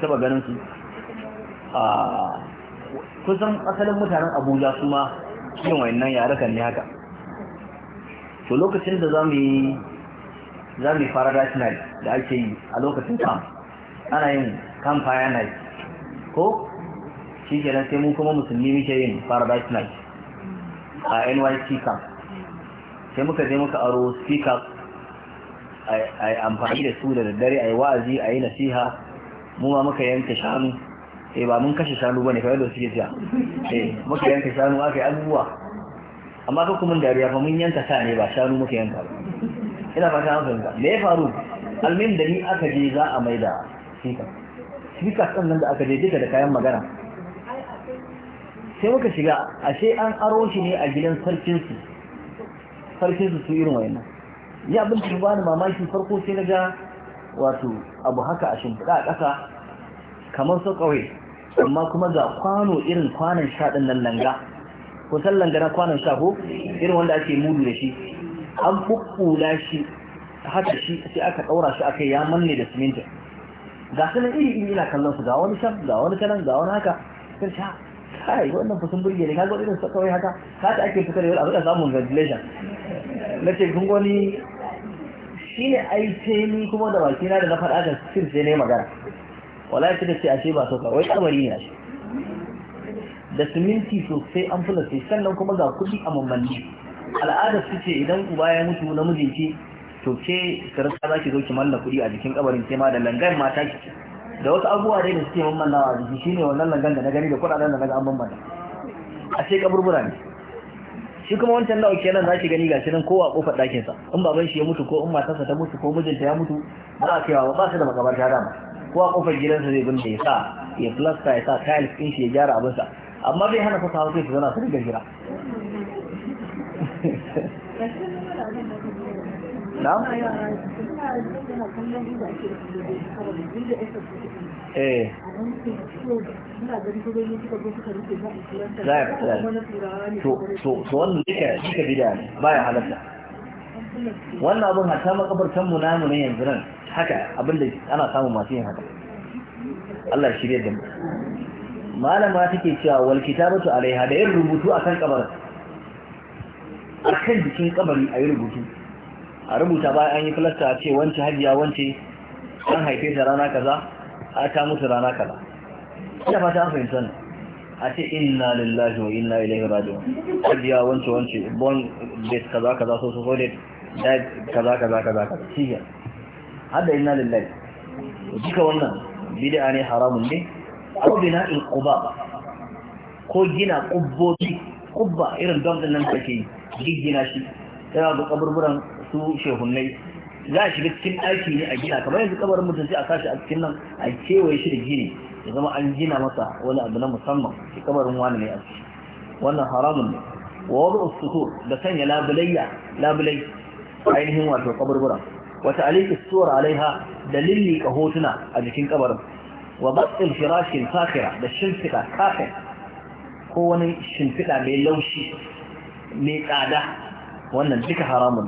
taba ganin su a ah, kusan asalin mutanen abuja su ma yin wayannan yarukan ne haka to lokacin da yi za mu yi paradise night da ake yi a lokacin camp ana yin campfire night ko shi ke sai mu kuma musulmi muke yin paradise night a NYC camp sai muka je muka aro speaker a yi amfani da su da daddare a yi wa'azi a yi nasiha mu ma muka yanke shanu eh ba mun kashe shanu ba ne, kawai da suke jiya eh muka yanke shanu aka yi abubuwa amma ka kuma dariya fa mun yanka sa ne ba shanu muka yanka ba ina ba shanu hankalta me ya faru almin da ni aka je za a maida shika sika nan da aka je duka da kayan magana sai muka shiga ashe an aro shi ne a gidan su sarkin su irin wayannan ya abin da ba ni mamaki farko sai na ga wato abu haka a shimfiɗa a ƙasa kamar su kawai amma kuma ga kwano irin kwanan shaɗin nan langa ko sallan na kwanan sha irin wanda ake mudu da shi an da shi haka shi sai aka ɗaura shi aka ya manne da simintin ga su nan iri iri ina kallon su ga wani can ga wani kanan ga wani haka sai sha kai wannan fusun burge ne kaga irin su kawai haka haka ake fitar yau a rika samun ventilation na ce kun gani shi ne ai ce ni kuma da baki na da na faɗa da sir sai ne magana wallahi kida ce ashe ba so ka wai kamari ne ashe da siminti sosai an fula sai sannan kuma ga kuɗi a mamanni al'adar su ce idan uba ya mutu na mijinki to ke sarrafa za ki zo ki malla kuɗi a jikin kabarin ke ma da langan mata ki da wasu abubuwa dai da suke mamannawa a jiki shine wannan langan da na gani da kuɗaɗen da na ga an bambanta a ce kaburbura ne shi kuma wancan nawa kenan za ki gani gashi nan kowa kofar ɗakin sa in baban shi ya mutu ko in matarsa ta mutu ko mijinta ya mutu ba a kaiwa ba su da makabarta dama kowa kofar gidansa zai binne ya sa ya plasta ya sa tiles din shi ya gyara abinsa amma bai hana fasa hausa su zana su riga jira eh. za wannan ba ya wannan abin hata makabartan mu namu ne yanzu nan haka abin da ana samun masu yin haka Allah shirya da mu malama take cewa wal kitabatu alaiha da yin rubutu akan kabarin akan jikin kabari a yi rubutu a rubuta bayan an yi filasta a ce wance hajiya wance an haife ta rana kaza a ta mutu rana kaza ya fata an fahimta ne a ce inna lillahi wa inna ilaihi raji'un hajiya wance wance born date kaza kaza so so date date kaza kaza kaza kaza shi ya da inna lillahi duka wannan bid'a ne haramun ne ko bina in ƙuba ko gina qubbobi ƙubba irin dam ɗin nan take gina shi yana da kaburburan su shehunai za a shiga cikin aiki ne a gina kamar yanzu kabarin mutum sai a sashi a cikin nan a kewaye shi da gini ya zama an gina masa wani abu na musamman shi kabarin wani ne a ciki wannan haramun ne wa wadu sutur da sanya labulayya labulai ainihin wato kaburburan wata alikis suwar alaiha dalilin ka hotuna a jikin kabarin wa batsil firashin kafira da shimfiɗa kafin ko wani shimfiɗa mai laushi mai tsada wannan duka haramun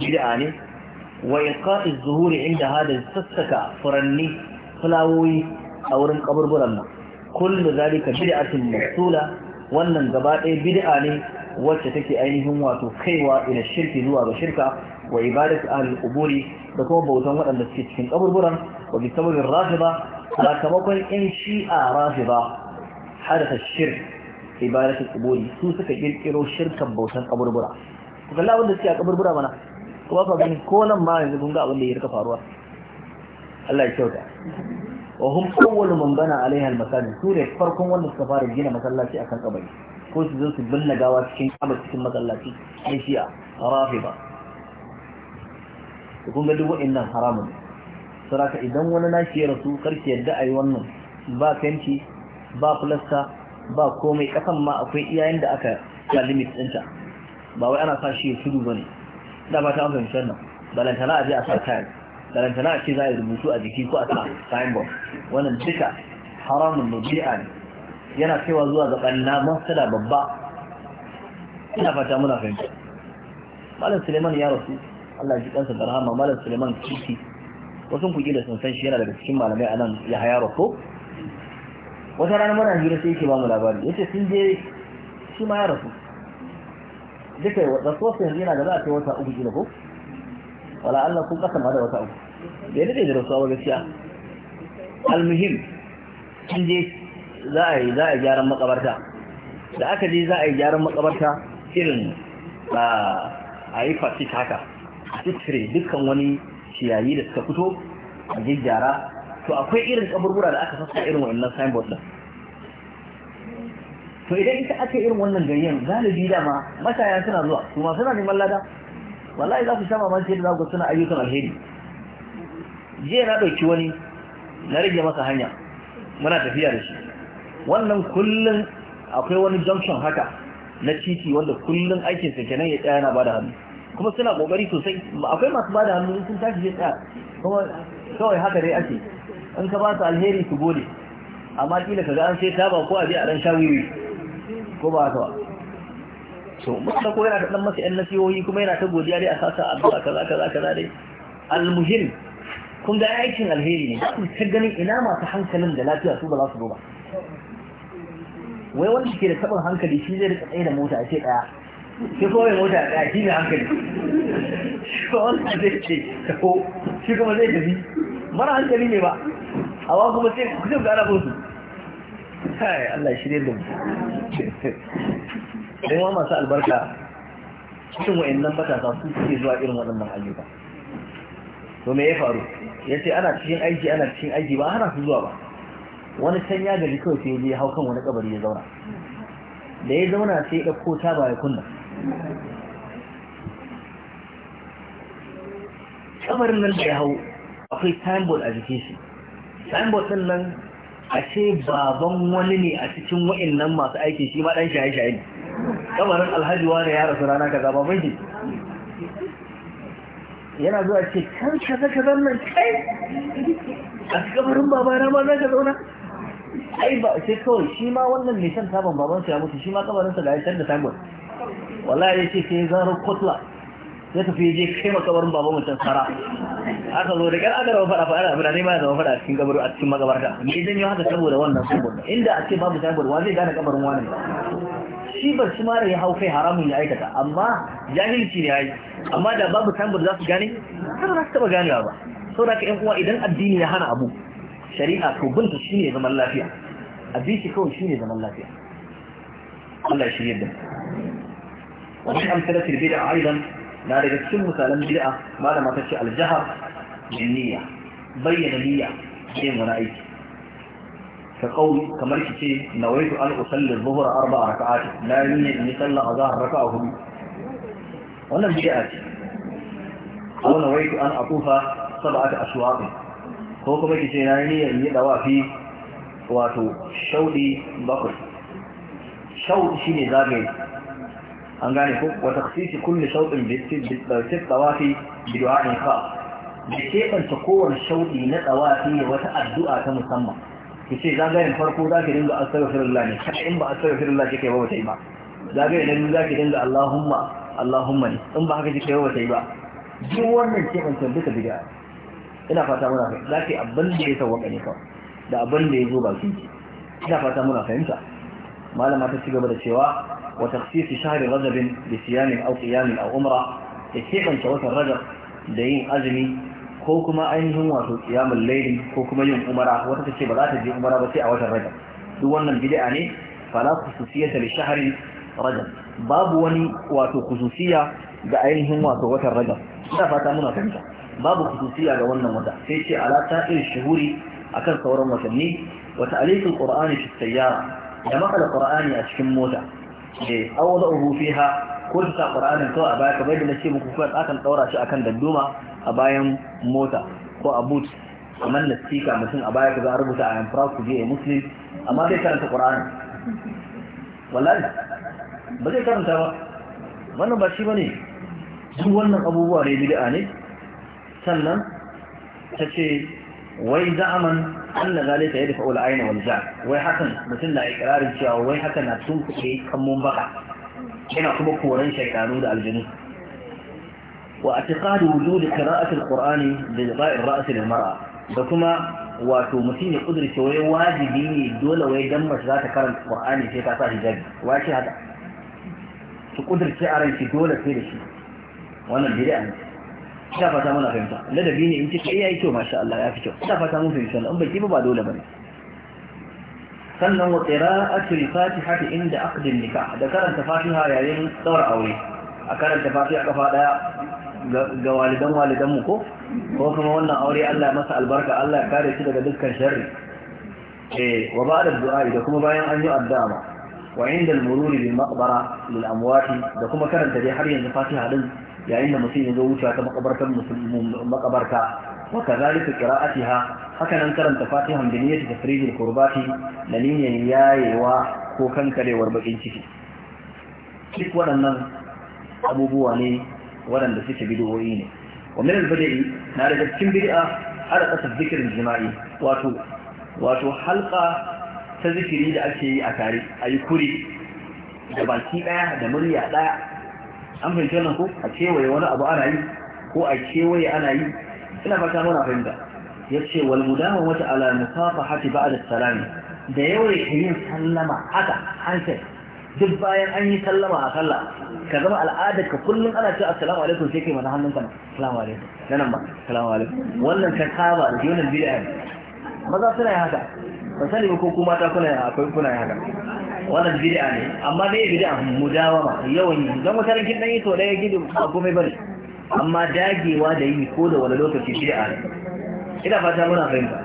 bid'a ne wa ilqa'i zuhuri inda hada sassaka furanni fulawoyi a wurin kaburburan nan kullu zalika bid'atun mafsula wannan gaba ɗaya bid'a ne wacce take ainihin wato kaiwa ila shirki zuwa ga shirka wa ibadatu ahli quburi da kuma bautan waɗanda suke cikin kaburburan wa bi sababin rafida sakamakon yan shi'a rafida hadasa shirk ibadatul quburi su suka kirkiro shirkan bautan kaburbura ku kalla abin da suke a kaburbura mana ko ba gani ko nan ma yanzu kun ga abin da ya rika faruwa Allah ya kyauta wa hum awwalu man bana alaiha al-masajid su ne farkon wanda suka fara gina masallaci akan kabari ko su zo su binne gawa cikin kabar cikin masallaci ai shi'a rafida kun ga duk wa'annan haramun saraka idan wani nashi ya rasu karki yadda a yi wannan ba fenti ba fulasta ba komai kasan ma akwai iyayen da aka ya limit ɗinta ba wai ana sa shi ya tudu ba ne da ba ta an fahimci wannan balantana a je a sa kayan balantana a ce za a yi rubutu a jiki ko a sa signboard wannan duka haramun mabi'a ne yana kaiwa zuwa ga ɓanna masala babba ina fata muna fahimta malam suleiman ya rasu allah ji kansa da rahama malam suleiman kiki wasu ku da sun san shi yana daga cikin malamai a nan ya haya rako wata rana muna hira sai yake ba mu labari ce sun je shi ma ya rasu duka rasuwa sai yana da za a ce wata uku gina ko wala Allah kun ma da wata uku da daɗe da rasuwa ba gaskiya almuhim sun je za a yi za a yi gyaran makabarta da aka je za a yi gyaran makabarta irin ah, a yi fasit haka a titire dukkan wani ciyayi da suka fito a gyaggyara to akwai irin kaburbura da aka sassa irin wannan signboard din to idan ita aka irin wannan ganyen galibi dama matayan suna zuwa kuma suna neman lada wallahi za su sha mamaki yadda za su suna ayyukan alheri jiya na ɗauki wani na rage masa hanya muna tafiya da shi wannan kullum akwai wani junction haka na titi wanda kullum sa kenan ya tsaya yana ba da hannu kuma suna kokari sosai akwai masu ba da hannu sun tashi zai tsaya kuma kawai haka dai ake in ka ba su alheri su gode amma kila ka ga an sai taba ko a je a dan shawiri ko ba haka ba so mutum ko yana ta dan masa yan nasihohi kuma yana ta godiya dai a sasa addu'a kaza kaza kaza dai almuhim kun ga aikin alheri ne ku ta ganin ina masu hankalin da lafiya su ba za su zo ba wai wanda ke da taɓin hankali shi zai rika tsaye da mota a ce ɗaya? shi kuma mai mota da shi ne hankali shi kuma wanda zai ce ko shi kuma zai tafi mara hankali ne ba wa kuma sai kusur da ana kusur hai Allah shi da mu dan wa masu albarka cikin nan matasa su suke zuwa irin waɗannan ayyuka to me ya faru Ya ce ana cikin aiki ana cikin aiki ba hana su zuwa ba wani can ya gari kawai sai ya hau kan wani kabari ya zauna da ya zauna sai ya ɗauko taba ya kunna kamarin nan da ya hau akwai signboard a jikin shi signboard din nan a ce baban wani ne a cikin wa'annan masu aiki shi ma ɗan shaye-shaye ne kamarin alhaji wani ya rasu rana kaza baban shi yana zuwa ce can kaza kaza nan kai a kabarin babana ma za ka zauna ai ba sai kawai shi ma wannan mai shan taban baban shi ya mutu shi ma kamarin sa ga ya canza signboard wallahi ya ce sai ya zaro kotla ya tafi je kai makabarin baba mutum sara aka zo da ƙyar aka zama faɗa faɗa abin da ne ma ya zama faɗa a cikin gabar a cikin magabarta me zan yi haka saboda wannan saboda inda a ce babu sabuwar wa zai gane kabarin wani shi ba shi ma ya hau kai haramun ya aikata amma jahilci ne ya amma da babu sabuwar za su gane har za su taɓa ganewa ba saboda ka yan uwa idan addini ya hana abu shari'a to binta shi ne zaman lafiya abin shi kawai shi ne zaman lafiya Allah shi yadda ومن أمثلة البدع أيضا لا رجل مثالا بدعة ما لم تشاء الجهر بالنية بين نية بين ونائك كقول كما ركتي نويت أن أصلي الظهر أربع ركعات لا يمني أن يصلى أظهر ركعة هم ولا بدعة أو نويت أن أطوف سبعة أشواط هو كما ركتي لا يمني أن يدوى في واتو شوطي بقر شوط شيني زاغي an gane ko wa takhsisi kulli shawtin bi sit tawafi bi du'a'in khas da keɓanta kowane shauɗi na tsawafi da wata addu'a ta musamman Ku ce zagayen farko za ki dinga astaghfirullah ne kai in ba astaghfirullah kike ba wata yi ba zagaye na biyu za ki dinga allahumma allahumma ne in ba haka kike ba wata yi ba duk wannan keɓanta duka bid'a ina fata muna fahimta za ki abin da ya sawwaka ne kawai da abin da ya zo bakin ki ina fata muna fahimta malama ta ci gaba da cewa وتخصيص شهر رجب بصيام أو قيام أو أمرة يكيبا شوات الرجب دين أزمي كوكما أينهم واتو قيام الليل كوكما يوم أمرة وتتشي بلاتة دي أمرة بسي أوات الرجب دوانا البداية يعني فلا خصوصية لشهر رجب باب وني واتو خصوصية بأينهم واتو وات الرجب لا فاتمنا فهمتا باب خصوصية دوانا ودا سيتي على سائر الشهور أكل صورا وتنين وتأليف القرآن في السيارة da makala qur'ani a cikin mota eh awwada uhu fiha ko ta sa qur'anin to a baya kamar da nace muku kuma akan daura shi akan dadduma a bayan mota ko a boot kamar na sika mutum a baya kaza rubuta a am proud to be a muslim amma dai karanta qur'ani wallahi ba zai karanta ba wannan ba shi bane duk wannan abubuwa ne bid'a ne sannan ta ce wai za'aman anna zalika yadfa ul ayna wal ja wai hakan mutum na ikrarin cewa wai haka na tun kuɗe kan mun baka yana kuma koran shaytanu da aljinu wa atiqadu wujud qira'ati al-qur'ani li dha'ir ra's al-mar'a da kuma wato mutum ya kudurce wai wajibi ne dole wai dan mace za ta karanta qur'ani sai ta sa hijabi wace haka su kudurce aran shi dole sai da shi wannan bid'a ne ina muna fahimta ladabi ne in cika iya yi kyau masha Allah ya fi kyau ina fata mun fahimta in baki ba ba dole bane sannan wa qira'atul fatiha inda akadin nika da karanta fatiha yayin tsawar aure a karanta fatiha kafa daya ga walidan walidan mu ko ko kuma wannan aure Allah masa albarka Allah ya kare shi daga dukkan sharri eh wa ba'da du'a da kuma bayan an yi addu'a wa inda al-mururi bil maqbara lil amwat da kuma karanta dai har yanzu fatiha din yayin da mutum ya zo wucewa ta makabartar musulmi makabarta wa kadhalika qira'atiha haka nan karanta fatihan bi niyyati tafrijil qurbati da niyyar yayewa ko kankarewar bakin ciki duk waɗannan abubuwa ne waɗanda suke bid'o'i ne wa min al-bada'i na daga cikin bid'a halqa ta zikirin jima'i wato wato halqa ta zikiri da ake yi a tare ayi kuri da baki daya da murya daya an fahimci wannan ko a kewaye wani abu ana yi ko a kewaye ana yi ina fata mana fahimta ya ce wal mudama wata ala musafa hati ba da salami da yawai yawan yin sallama haka an sai duk bayan an yi sallama a sallah ka zama al'adar ka kullum ana cewa assalamu alaikum sai kai mana hannun ka assalamu alaikum nan ba assalamu alaikum wannan ka saba da wannan bid'a maza suna yi haka ba sani ba ko kuma ta kuna yi akwai kuna yi haka wannan bid'a ne amma dai bid'a mudawama yawan yi don wata rankin dan yi to daya gidi ba komai bane amma dagewa da yi ko da wani lokaci bid'a ne ina fata muna fahimta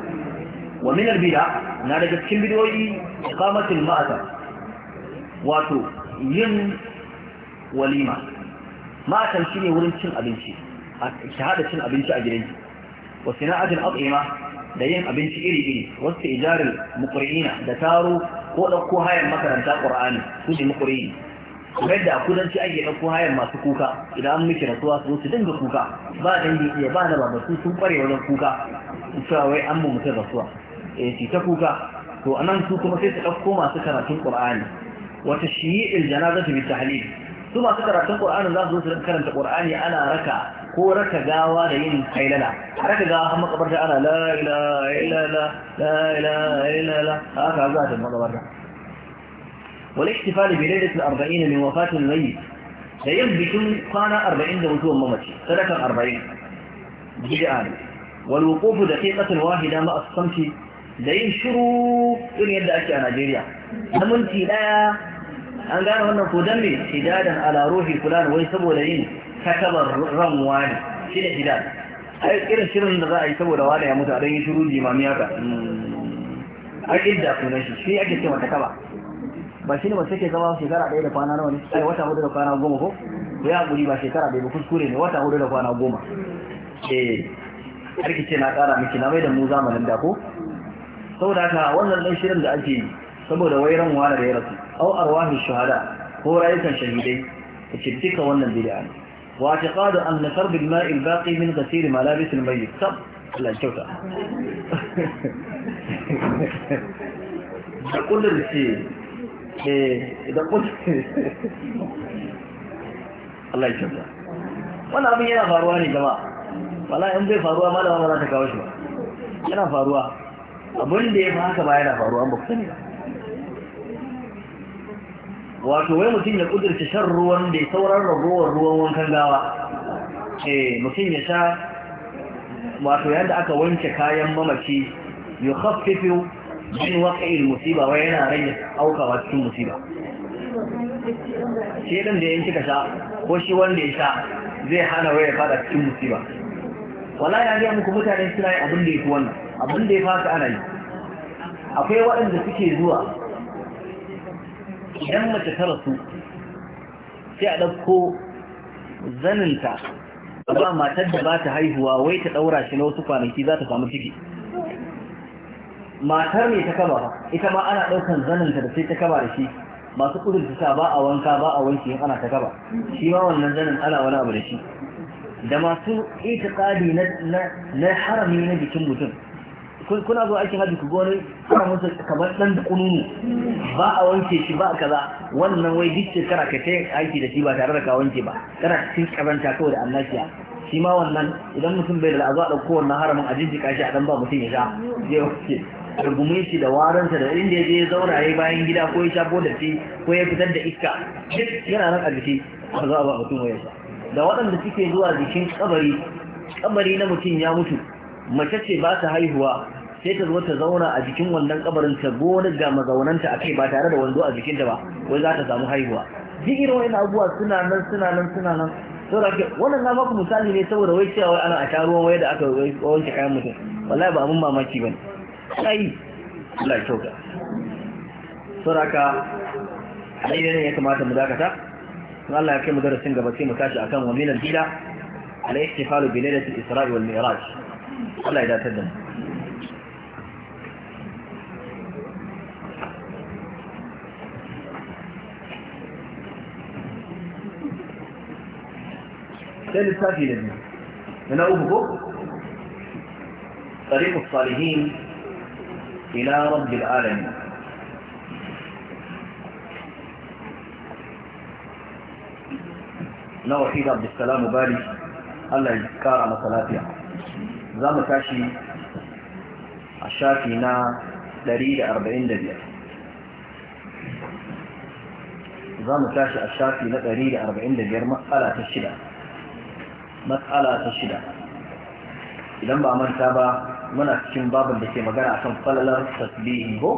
wa min al-bid'a na daga cikin bid'o'i iqamatul ma'ata wato yin walima ma'atan shine wurin cin abinci a shahada cin abinci a gidanki wa sana'atul at'ima da yin abinci iri-iri wasu ijarin muqri'ina da taro ko ɗauko hayan makaranta ƙur'ani su ne makuri kamar da a kudanci ake ɗauko hayan masu kuka idan an miki rasuwa su su dinga kuka ba dangi iya ba na baba su sun ƙware wajen kuka cewa wai an mu mutum rasuwa E, eh, shi ta kuka to anan su kuma sai su ɗauko masu karatun ƙur'ani wata shiyi'il janazatu bi tahlil su masu karatun ƙur'anin za su zo su karanta Qur'ani ana raka ko raka gawa da yin kailala raka gawa har makabarta ana la ilaha illallah la ilaha illallah haka za ta makabarta wal ihtifal bi lailatul 40 min wafatil mayyit da yin bikin kwana 40 da mutuwan mamaci sadakan 40 bid'a ne wal wuquf daqiqatan wahida ma as-samti da yin shiru irin yadda ake a Najeriya na daya an gane wannan ko dan me hidadan ala ruhi fulan wai saboda yin katabar ran wani ne hidad ai irin shirin da za a yi saboda wani ya mutu a dan yi shiru jimamiya ka. Hmm. a idda sunan shi shi ake cewa kaba. ba shi ne ba take zama shekara ɗaya da kwana nawa ne ai wata hudu da kwana goma ko ya hakuri ba shekara ɗaya ba kuskure ne wata hudu da kwana goma eh harki ce na ƙara miki na mai da mu zamanin da ko saboda haka wannan ɗan shirin da ake yi saboda wai wani da ya rasu au arwahi shuhada ko rayukan shahidai kace duka wannan bid'a ne wa i'tiqadu anna sarb al-ma'i al-baqi min ghasir malabis al-mayyit sab Allah ya kyauta wannan abin yana faruwa ne jama'a wala in faruwa malama ba za ta kawo shi ba yana faruwa da ya fi haka ba yana faruwa ba ku sani ba wato wai mutum ya kudurta shan ruwan da ya sauran ragowar ruwan wankan gawa eh mutum ya sha wato yadda aka wanke kayan mamaci yi khaffifu jin waƙa'il musiba wai yana rage aukawa cikin musiba shi ɗin da yanki ka sha ko shi wanda ya sha zai hana waya fada cikin musiba wala ya ga muku mutane suna yin abin da ya fi wannan abin da ya fasa ana yi akwai waɗanda suke zuwa idan mace ta rasu sai a ɗauko zaninta ba matar da ba ta haihuwa wai ta ɗaura shi na wasu kwanaki za ta samu ciki matar ne ta kaba ita ma ana ɗaukan zaninta da sai ta kaba da shi masu kudin ta ba a wanka ba a wanki ana ta kaba shi ma wannan zanin ana wani abu da shi da masu ita tsari na harami na jikin mutum kuna zuwa aikin hajji ku ga wani kuna musu kamar dan kununu ba a wanke shi ba kaza wannan wai duk shekara ka ta aiki da shi ba tare da ka wanke ba kana cikin karanta kawai da annashiya shi ma wannan idan mutum bai da la'azuwa a ɗauko wannan haramin a jijjika kashi a dan ba mutum ya sha zai wanke argumin shi da waransa da inda ya je ya zauna ya bayan gida ko ya ko da shi ko ya fitar da iska duk yana nan a jiki ba za a ba mutum ya sha da waɗanda suke zuwa jikin kabari kabari na mutum ya mutu mace ce ba ta haihuwa sai ta zo ta zauna a jikin wannan kabarin ta gona ga mazaunanta a kai ba tare da wando a jikinta ba wai za ta samu haihuwa duk irin wani abubuwa suna nan suna nan suna nan saboda ke wannan na baku misali ne saboda wai cewa wai ana a sha ruwan wai da aka wanke kayan mutum wallahi ba mun mamaki ba ne sai Allah ya kyauta saboda ka a daidai ya kamata mu dakata in Allah ya kai mu darasin gaba sai mu tashi akan wa minal bida al-ihtifalu bi lailatul isra'i wal mi'raj Allah ya datar da mu كان الفاتي لدينا من أبو طريق الصالحين إلى رب العالمين نوع وحيد عبد السلام مبالي الله يذكار على صلاتي زام كاشي عشاكي نا دليل أربعين دبيا زام كاشي عشاكي نا دليل أربعين دبيا مسألة الشلال matsala ta shida idan ba manta ba muna cikin babin da ke magana akan falalar tasbihi ko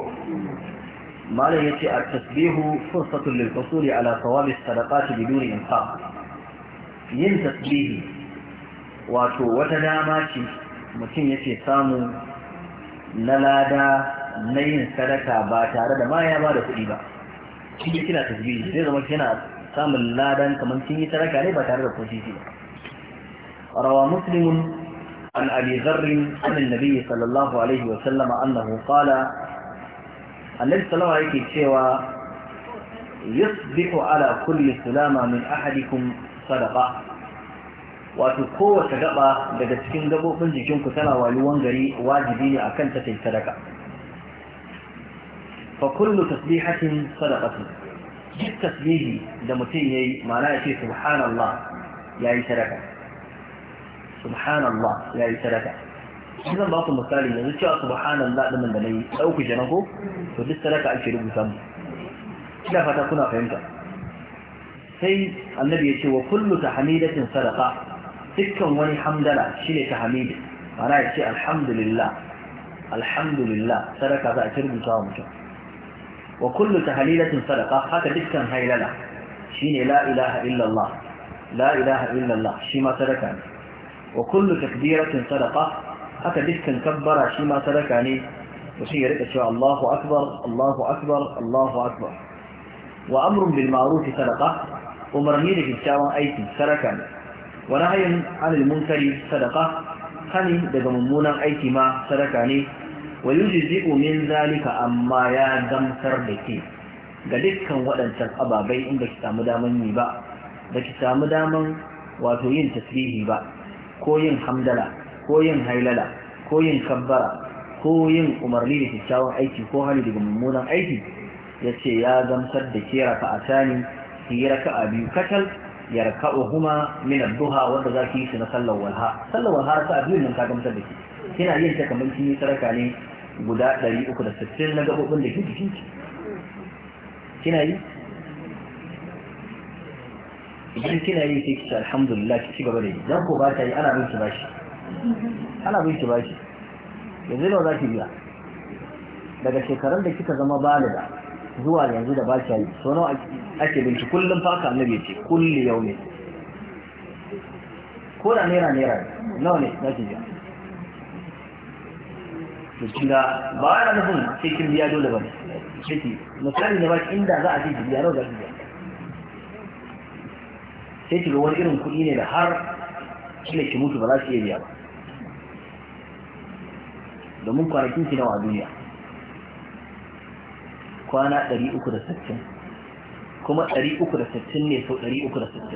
malam yace a tasbihu fursatun lil husuli ala sawabi sadaqati biduni infaq yin tasbihi wato wata dama ce mutum yake samu na lada na yin sadaka ba tare da ma ya ba da kuɗi ba kin kina tasbihi zai zama kina samun ladan kamar kin yi sadaka ne ba tare da kuɗi ba روى مسلم عن أبي ذر عن النبي صلى الله عليه وسلم أنه قال النبي صلى الله عليه وسلم يصبح على كل سلامة من أحدكم صدقة wato kowace daɓa daga cikin gabobin jikinku tana wayuwan gari wajibi ne akan ta tai sadaka fa kullu tasbihatin sadaqatun duk tasbihi da mutum yayi ma'ana ya subhanallah yayi sadaka subhanallah ya yi sadaka shi zan ba ku misali yanzu cewa subhanallah ɗin da na yi ɗauku shi ko to duk sadaka ake rubuta mu ina fata kuna fahimta sai annabi ya ce wa kullu tahmidatin sadaka dukkan wani hamdala shine tahmidi ana ya ce alhamdulillah alhamdulillah sadaka za a ci rubuta wa mutum wa kullu tahlilatin sadaqa haka dukkan hailala shine la ilaha illallah la ilaha illallah shi ma sadaka ne wa kullu takbiratin sadaka haka dukkan kabbara shi ma sadaka ne mutum ya rika cewa Allahu akbar Allahu akbar Allahu akbar wa amrun bil ma'ruf sadaqa umarni da kyakkyawan aiki sadaka ne wa nahyun 'anil munkari sadaka hani daga mummunan aiki ma sadaka ne wa yujzi'u min zalika amma ya gamsar da ke ga dukkan waɗancan ababai in ba ki samu daman yi ba ba ki samu daman wato yin tasbihi ba ko yin hamdala ko yin hailala ko yin kabbara ko yin umarni da kyakkyawan aiki ko hali daga mummunan aiki ya ce ya gamsar da ke raka a sani ki yi raka a biyu kacal ya raka huma min abduha, wanda za ki yi su na sallar walha sallar walha raka a biyun nan ka gamsar da ke kina yin ta kamar kin yi saraka ne guda 360 na gabobin da ke jikin ki kina yi idan kina yi sai kici alhamdulillah ki ci gaba da yi dan ko ba ta yi ana bin ki bashi ana bin ki bashi yanzu nawa za ki biya daga shekarun da kika zama balida zuwa yanzu da ba ki yi so nawa ake bin ki kullum fa aka annabi ce kulli yaumin ko da naira naira nawa ne za ki biya to kinga ba ana nufin sai kin biya dole ba ne misali ne ba inda za a ji biya nawa za ki biya sai shiga wani irin kuɗi ne da har kila ki mutu ba za su iya biya ba domin kwanakin ki nawa a duniya kwana 360 kuma 360 ne sau 360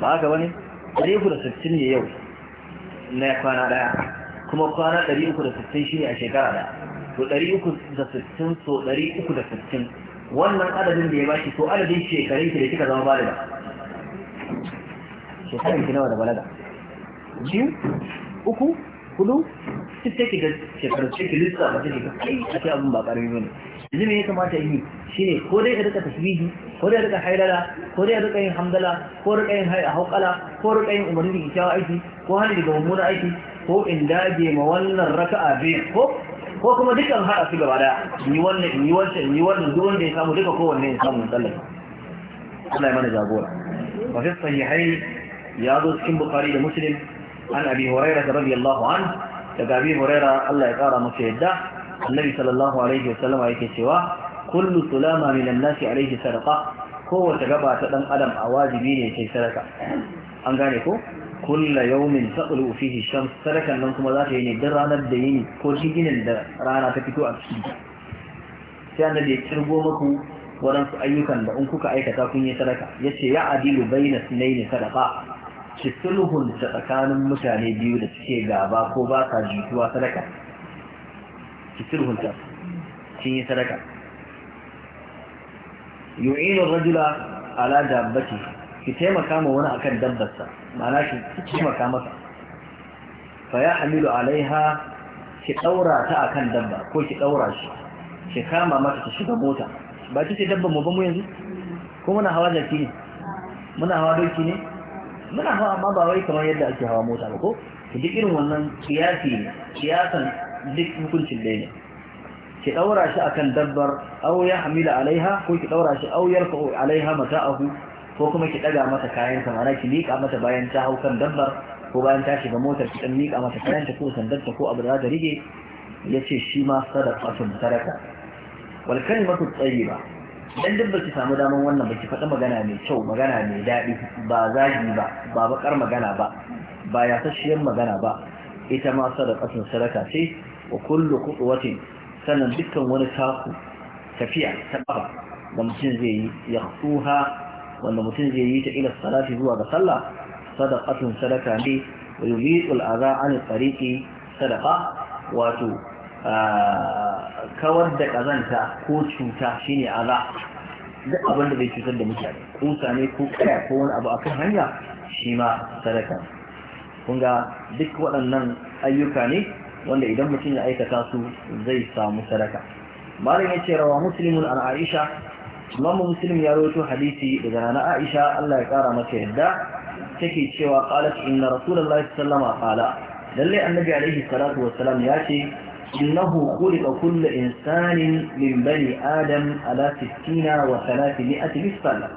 ba haka ba ne 360 ne yau na kwana daya kuma kwana 360 shi ne a shekara daya to 360 so 360 wannan adadin da ya bashi so adadin shekarun ki da kika zama ba shekaran ki nawa da balaga biyu uku hudu duk take da shekaru take lissa ba take kai a ce abin ba karami bane yanzu me ya kamata yi shine ko dai ka rika tasbihi ko dai ka rika haidala ko dai ka rika yin hamdala ko rika yin hauƙala ko rika yin umarni da kyakkyawa aiki ko hali daga mummunan aiki ko in dage ma wannan raka'a biyu ko ko kuma dukkan haɗa su gaba daya in yi wannan in yi wancan in yi wannan duk wanda ya samu duka kowanne ya samu tsallaka Allah ya mana jagora wa fi sahihai ya zo cikin bukari da muslim an abi hurairah radiyallahu an daga abi hurairah Allah ya kara masa yadda annabi sallallahu alaihi wasallam yake cewa kullu sulama min an-nas alaihi sadaqa kowace gaba ta dan adam a wajibi ne sai sadaka an gane ko kulla yawmin taqlu fihi shams sadakan nan kuma za ta yi ne duk ranar da yini ko shiginin da rana ta fito a ciki sai annabi ya kirgo muku waɗansu ayyukan da in kuka aikata kun yi sadaka ya ce ya adilu bai na sinai ne sadaka ki sulhunta tsakanin mutane biyu da suke gaba ko ba ka jituwa sadaka ki sulhunta kin yi sadaka yu'inu rajula ala dabbati ki taimaka ma wani akan dabbarsa ma'ana ki taimaka masa fa ya hamilu alaiha ki daura ta akan dabba ko ki daura shi ki kama mata ta shiga mota ba ki ce dabban mu ba mu yanzu ko muna hawa jaki ne muna hawa doki ne muna hawa amma ba wai kamar yadda ake hawa mota ba ko to duk irin wannan kiyasi kiyasan duk hukuncin dai ne ki daura shi akan dabbar aw ya hamila alaiha ko ki daura shi aw alaiha mata'ahu ko kuma ki daga mata kayan sa ki miƙa mata bayan ta hau kan dabbar ko bayan ta shiga motar ki dan miƙa mata kayan ta ko sandarta ko abu da rige yace shi ma sadaqatun sadaka wal kalimatu tayyiba idan duk baki samu daman wannan baki faɗi magana mai kyau magana mai daɗi ba zagi ba ba bakar magana ba ba yasasshiyar magana ba ita ma sadaqatun sadaka ce wa kullu qudwatin sannan dukkan wani taku tafiya ta kafa da mutum zai yi ya tsuha wanda mutum zai yi ta ila salati zuwa ga sallah sadaqatun sadaka ne wa yumitul adha an tariqi sadaqa wato kawar da kazanta ko cuta shine aza duk abin da zai cutar da mutane kusa ne ko kaya ko wani abu akan hanya shi ma sadaka kun ga duk waɗannan ayyuka ne wanda idan mutum ya aikata su zai samu sadaka malam ya ce rawa muslimun an aisha imam muslim ya rawaito hadisi daga nana aisha Allah ya kara masa yadda take cewa qalat inna rasulullahi sallallahu alaihi wasallam qala lalle annabi alaihi salatu wassalam ya ce إنه خلق كل إنسان من بني آدم على ستين وثلاثمائة مثقال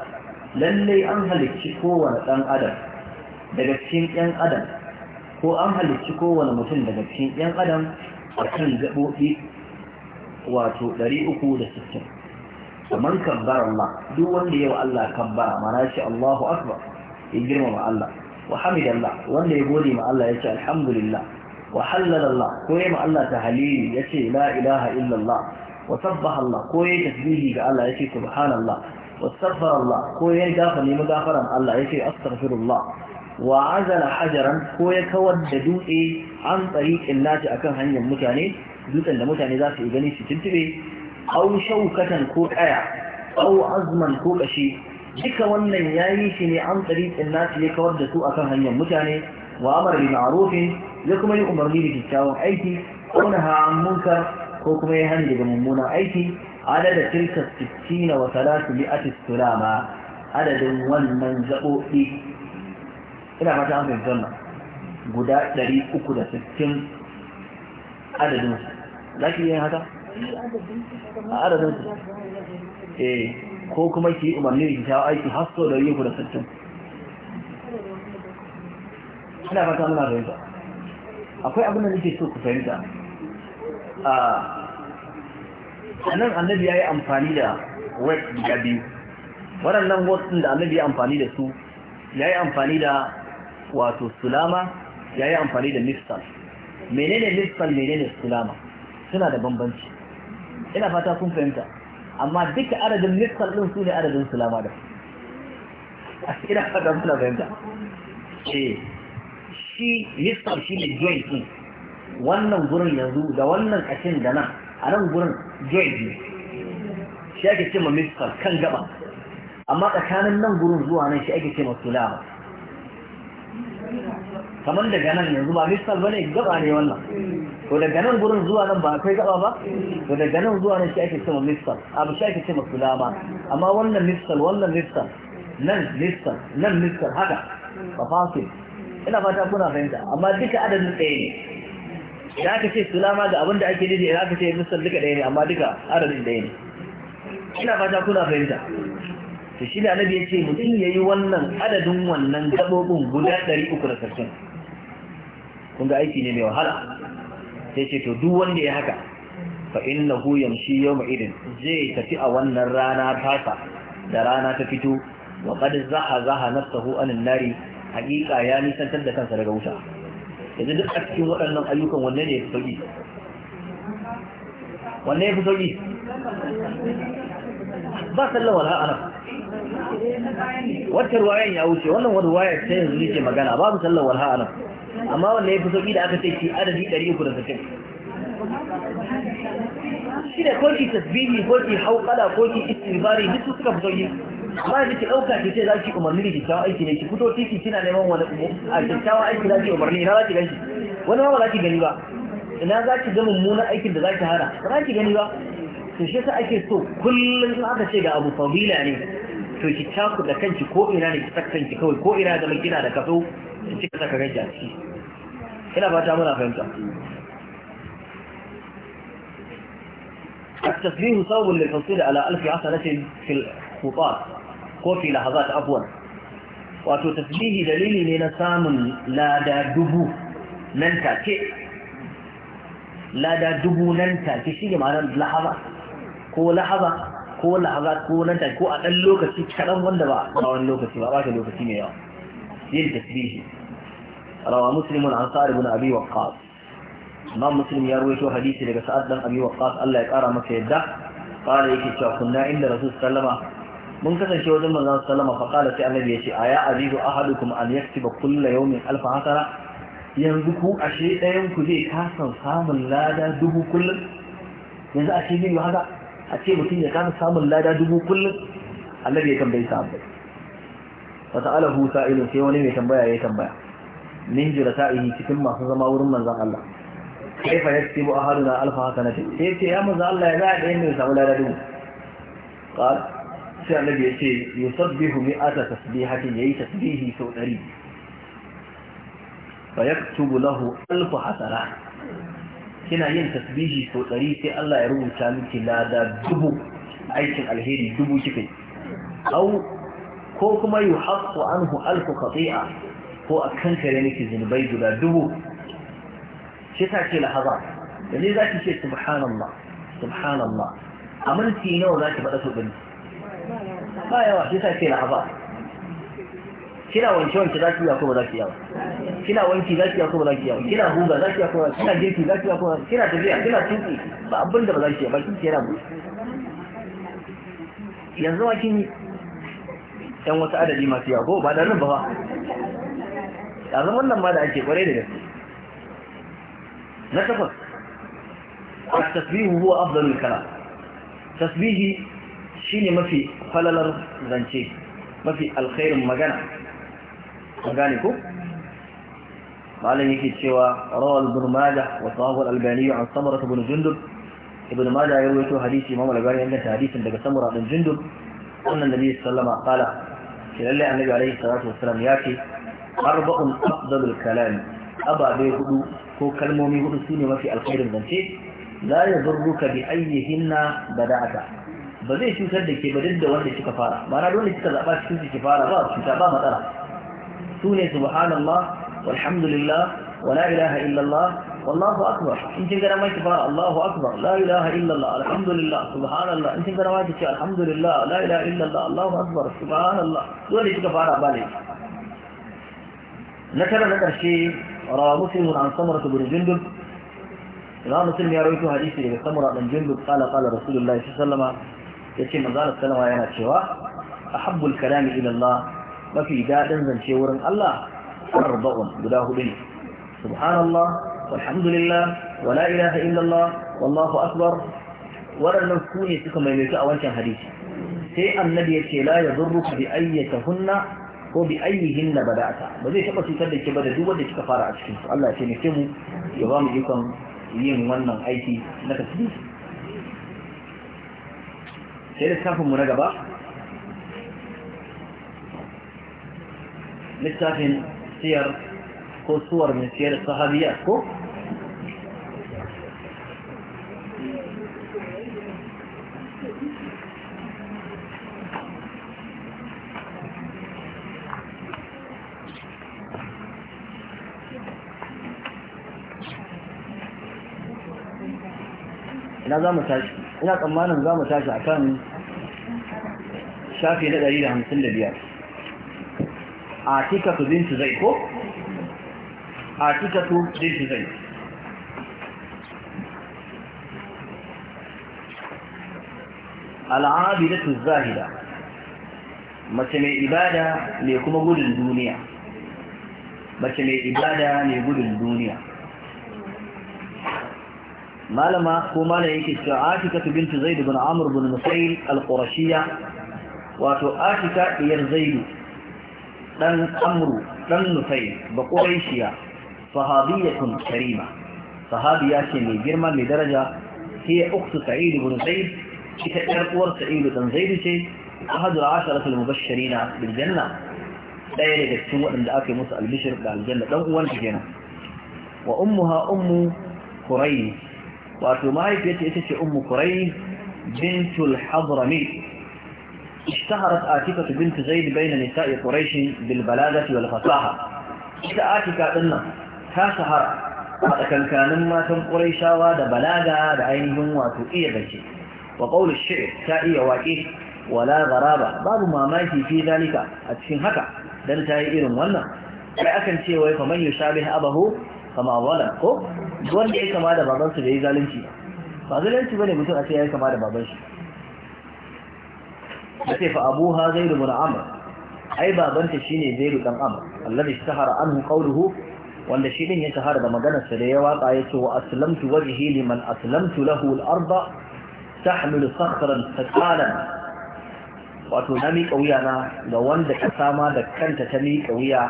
للي أنهل الشكوى أن أدم دقشين أن أدم هو أنهل الشكوى المتن دقشين أن أدم وكان زبوئي واتو دريئكو دستين فمن كبر الله دون ليو الله كبر مناشي الله أكبر يجرم مع الله وحمد الله وان يقولي مع الله يشاء الحمد لله wa halala Allah ko yayi ma Allah tahlili yace la ilaha illa Allah wa sabbaha Allah ko yayi tasbihi ga Allah yace subhanallah wa astaghfara Allah ko yayi gafara magafaran Allah yace astaghfirullah wa azala hajaran ko ya kawar da dutse an tsariƙin nati akan hanyar mutane dutsen da mutane za su yi gani su tuntube au shaukatan ko kaya au azman ko kashi duka wannan yayi shi ne an tsariƙin nati ya kawar da su akan hanyar mutane wa amara bi ma'rufin ya kuma yi umarni da kyakkyawan aiki auna ha'an munkar ko kuma ya hani daga mummunan aiki adada tilka sittina wa salatu mi'ati sulama adadin wannan zaɓoɓi ina fata an fahimta wannan guda ɗari uku da sittin adadin su za ki yi haka a adadin su eh ko kuma ki yi umarni da kyakkyawan aiki hasso so ɗari uku da sittin ina fata muna fahimta akwai abin da nake so ku fahimta a nan annabi ya yi amfani da wet guda biyu waɗannan wasu da annabi ya amfani da su ya yi amfani da wato sulama ya yi amfani da mistal menene mistal menene sulama suna da bambanci ina fata kun fahimta amma duka adadin mistal ɗin su ne adadin sulama da ina fata kun fahimta eh shi listar shi ne joint ne wannan gurin yanzu da wannan kashin da nan a nan gurin joint ne shi ake ce ma mistar kan gaba amma tsakanin nan gurin zuwa nan shi ake ce ma sulama kamar daga nan yanzu ba mistar ba ne gaba ne wannan to daga nan gurin zuwa nan ba akwai gaba ba to daga nan zuwa nan shi ake ce ma mistar abu shi ake ce ma sulama amma wannan mistar wannan mistar nan mistar nan mistar haka ba fasil ina fata kuna fahimta amma duka adadin ɗaya ne da aka ce sulama ga abin da ake nufi da aka ce musul duka ɗaya ne amma duka adadin ɗaya ne ina fata kuna fahimta to shi da annabi ya ce mutum ya yi wannan adadin wannan gaɓoɓin guda ɗari uku da sassan kun ga aiki ne mai wahala sai ce to duk wanda ya haka fa innahu yamshi yawma idin zai tafi a wannan rana tasa da rana ta fito wa qad zaha zaha nafsahu anin nari hakika ya nisantar da kansa daga wuta yanzu duk a cikin waɗannan ayyukan wanne ne ya fi sauƙi? wanne ya fi sauƙi? ba sallan wala ana wata ruwayan ya wuce wannan wata ruwaya ta yanzu ne ke magana babu sallan wala ana amma wanne ya fi sauƙi da aka ce ki adadi 360 shi da ko ki tasbihi ko ki hauƙala koki ki istighfari duk suka fi sauƙi. amma da ki ɗauka ki ce za ki umarni da kyakkyawan aiki ne ki fito titi kina neman wani a kyakkyawan aiki za ki umarni ina za ki gan shi wani ma ba za ki gani ba ina za ki ga mummunan aikin da za ki hana ba za ki gani ba to shi yasa ake so kullum in aka ce ga abu fadila ne to ki taku da kanki ko ina ne ki saka kanki kawai ko ina da kina da kaso ki cika saka kanki a ciki ina fata muna fahimta التسبيح ثوب للحصول على ألف حسنة في الخطاة Kofi fi lahazat afwan wato tasbihi dalili ne na samun lada dubu nan take lada dubu nan take shi ne ma'anar lahaba ko lahaba ko lahaba ko nan take ko a ɗan lokaci kaɗan wanda ba a wani lokaci ba ba shi lokaci mai yawa yin tasbihi rawa muslimun an sa'ad ibn abi waqqas imam muslim ya rawaito hadisi daga sa'ad dan abi waqqas Allah ya kara masa yadda قال يكي شاكنا kunna رسول صلى الله عليه وسلم mun kasance wajen manzon sallama fa qala sai annabi yace aya azidu ahadukum an yaktuba kullu yawmin alf hasara yanzu ku ashe ɗayan ku zai kasa samun lada dubu kullun yanzu a ce biyu haka a ce mutum ya kasa samun lada dubu kullun annabi ya tambayi sahabbai fa ta'ala hu sa'ilun sai wani mai tambaya ya tambaya min jirasa'ihi cikin masu zama wurin manzon Allah kaifa yaktubu ahaduna alf hasanati sai ce ya manzon Allah ya za a ɗayan ne samu lada dubu qala sai annabi ya ce yusabbihu mi'ata tasbihatin yayi tasbihi sau ɗari fa yaktubu lahu alf hasara kina yin tasbihi sau ɗari sai Allah ya rubuta miki lada dubu aikin alheri dubu kike au ko kuma yuhaqqu anhu alf khati'a ko a kankare miki zunubai guda dubu shi ta ce lahaza da ne za ki ce subhanallah subhanallah a minti nawa za ki faɗa sau ba yawa shi sa ce kina wanke wanke za ki yi ko ba za ki yawa kina wanki za ki yi ko ba za ki yawa kina huga za ki yi ko ba kina girki za ki yi ko ba kina tafiya kina tuki ba abin da ba za ki yi ba kin kera mu yanzu ma kin yan wasu adadi masu yawa ko ba da nan ba ba yanzu wannan ma da ake kwarai da gaske na takwas التسبيح هو أفضل الكلام تسبيحي shine mafi falalar zance mafi alkhairin magana magani ko malam yake cewa rawal ibn majah wa sahih al-albani an samara ibn jundub ibn Mada ya rawaito hadisi imam al-albani inda hadisin daga samara ibn jundub annan nabi sallama qala shi lalle annabi alaihi salatu wassalam ya ce arba'un afdalul kalam ababe hudu ko kalmomi hudu sune mafi alkhairin zance la yadurruka bi ayyihinna bada'ata ba zai cutar da ke ba duk da wanda kika fara ba na dole kika zaba cikin su ki fara ba cuta ba matsala su ne subhanallah walhamdulillah wa la ilaha illallah wallahu akbar in kin gara mai ki fara allahu akbar la ilaha illallah alhamdulillah subhanallah in kin gara mai ki alhamdulillah la ilaha illallah allahu akbar subhanallah dole kika fara ba ne na tara na karshe rawa muslimun an samara ta gurin jindub imam muslim ya rawaito hadisi daga samura dan jindub qala qala rasulullahi sallallahu alaihi wasallam yace manzo Allah sallama yana cewa ahabbul kalami ila Allah mafi dadin zance wurin Allah arba'un guda hudu ne subhanallah walhamdulillah wala ilaha illa Allah wallahu akbar waɗannan ku ne suka maimaitu a wancan hadisi sai annabi yace la yadurruka bi ayyatahunna ko bi ayyihin na bada'ata ba zai taɓa cutar da ke ba da duk wanda kika fara a cikin su Allah ya ke mu ya ba mu ikon yin wannan aiki na tasbih sai littafin mu na gaba littafin siyar ko suwar mai siyar sahabiya ko ina za mu tashi ina tsammanin za mu tashi a kan shafi na 155 a tikatu bintu zai ko? a tikatu bintu zai al'adu da zahida mace mai ibada ne kuma gudun duniya mace mai ibada ne gudun duniya malama ko malam yake cewa Atika binti Zaid bin Amr ibn Nufayl al-Qurashiyya wato Atika diyar zaidu dan Amr dan Nufayl ba Qurayshiya sahabiyatun karima sahabiya ce mai girma mai daraja hiya ukhtu Sa'id ibn Zaid ita ɗan uwar Sa'id dan zaidu ce ahadu al-asharatu al-mubashshirina bil janna ɗaya daga cikin waɗanda aka yi musu albishir da aljanna dan uwan ta kenan wa ummuha umu kurai. wato mahaifiyarta ita ce ummu kurai bintul hadrami اشتهرت آتكة بنت زيد بين نساء قريش wal fasaha ita atika din nan ta shahara a tsakankanin matan ƙuraishawa da balaga da ainihin wato iya zance wa ƙaunar shi'ir ta iya waƙe wala garaba babu mamaki fi dalika a cikin haka dan ta yi irin wannan sai akan ce wai faman yushabih abahu kama wala ko wanda ya kama da babansa bai yi zalunci ba zalunci bane mutum a ce ya kama da baban shi ce fa abuha zaidu bin amr ai babanta shine zaidu dan amr alladhi sahara anhu qawluhu wanda shi din ya shahara da maganar sa da ya waka yace wa aslamtu wajhi liman aslamtu lahu al-arda tahmilu sakhran thaqalan wato na miƙa wuya na ga wanda ka sama da kanta ta miƙa wuya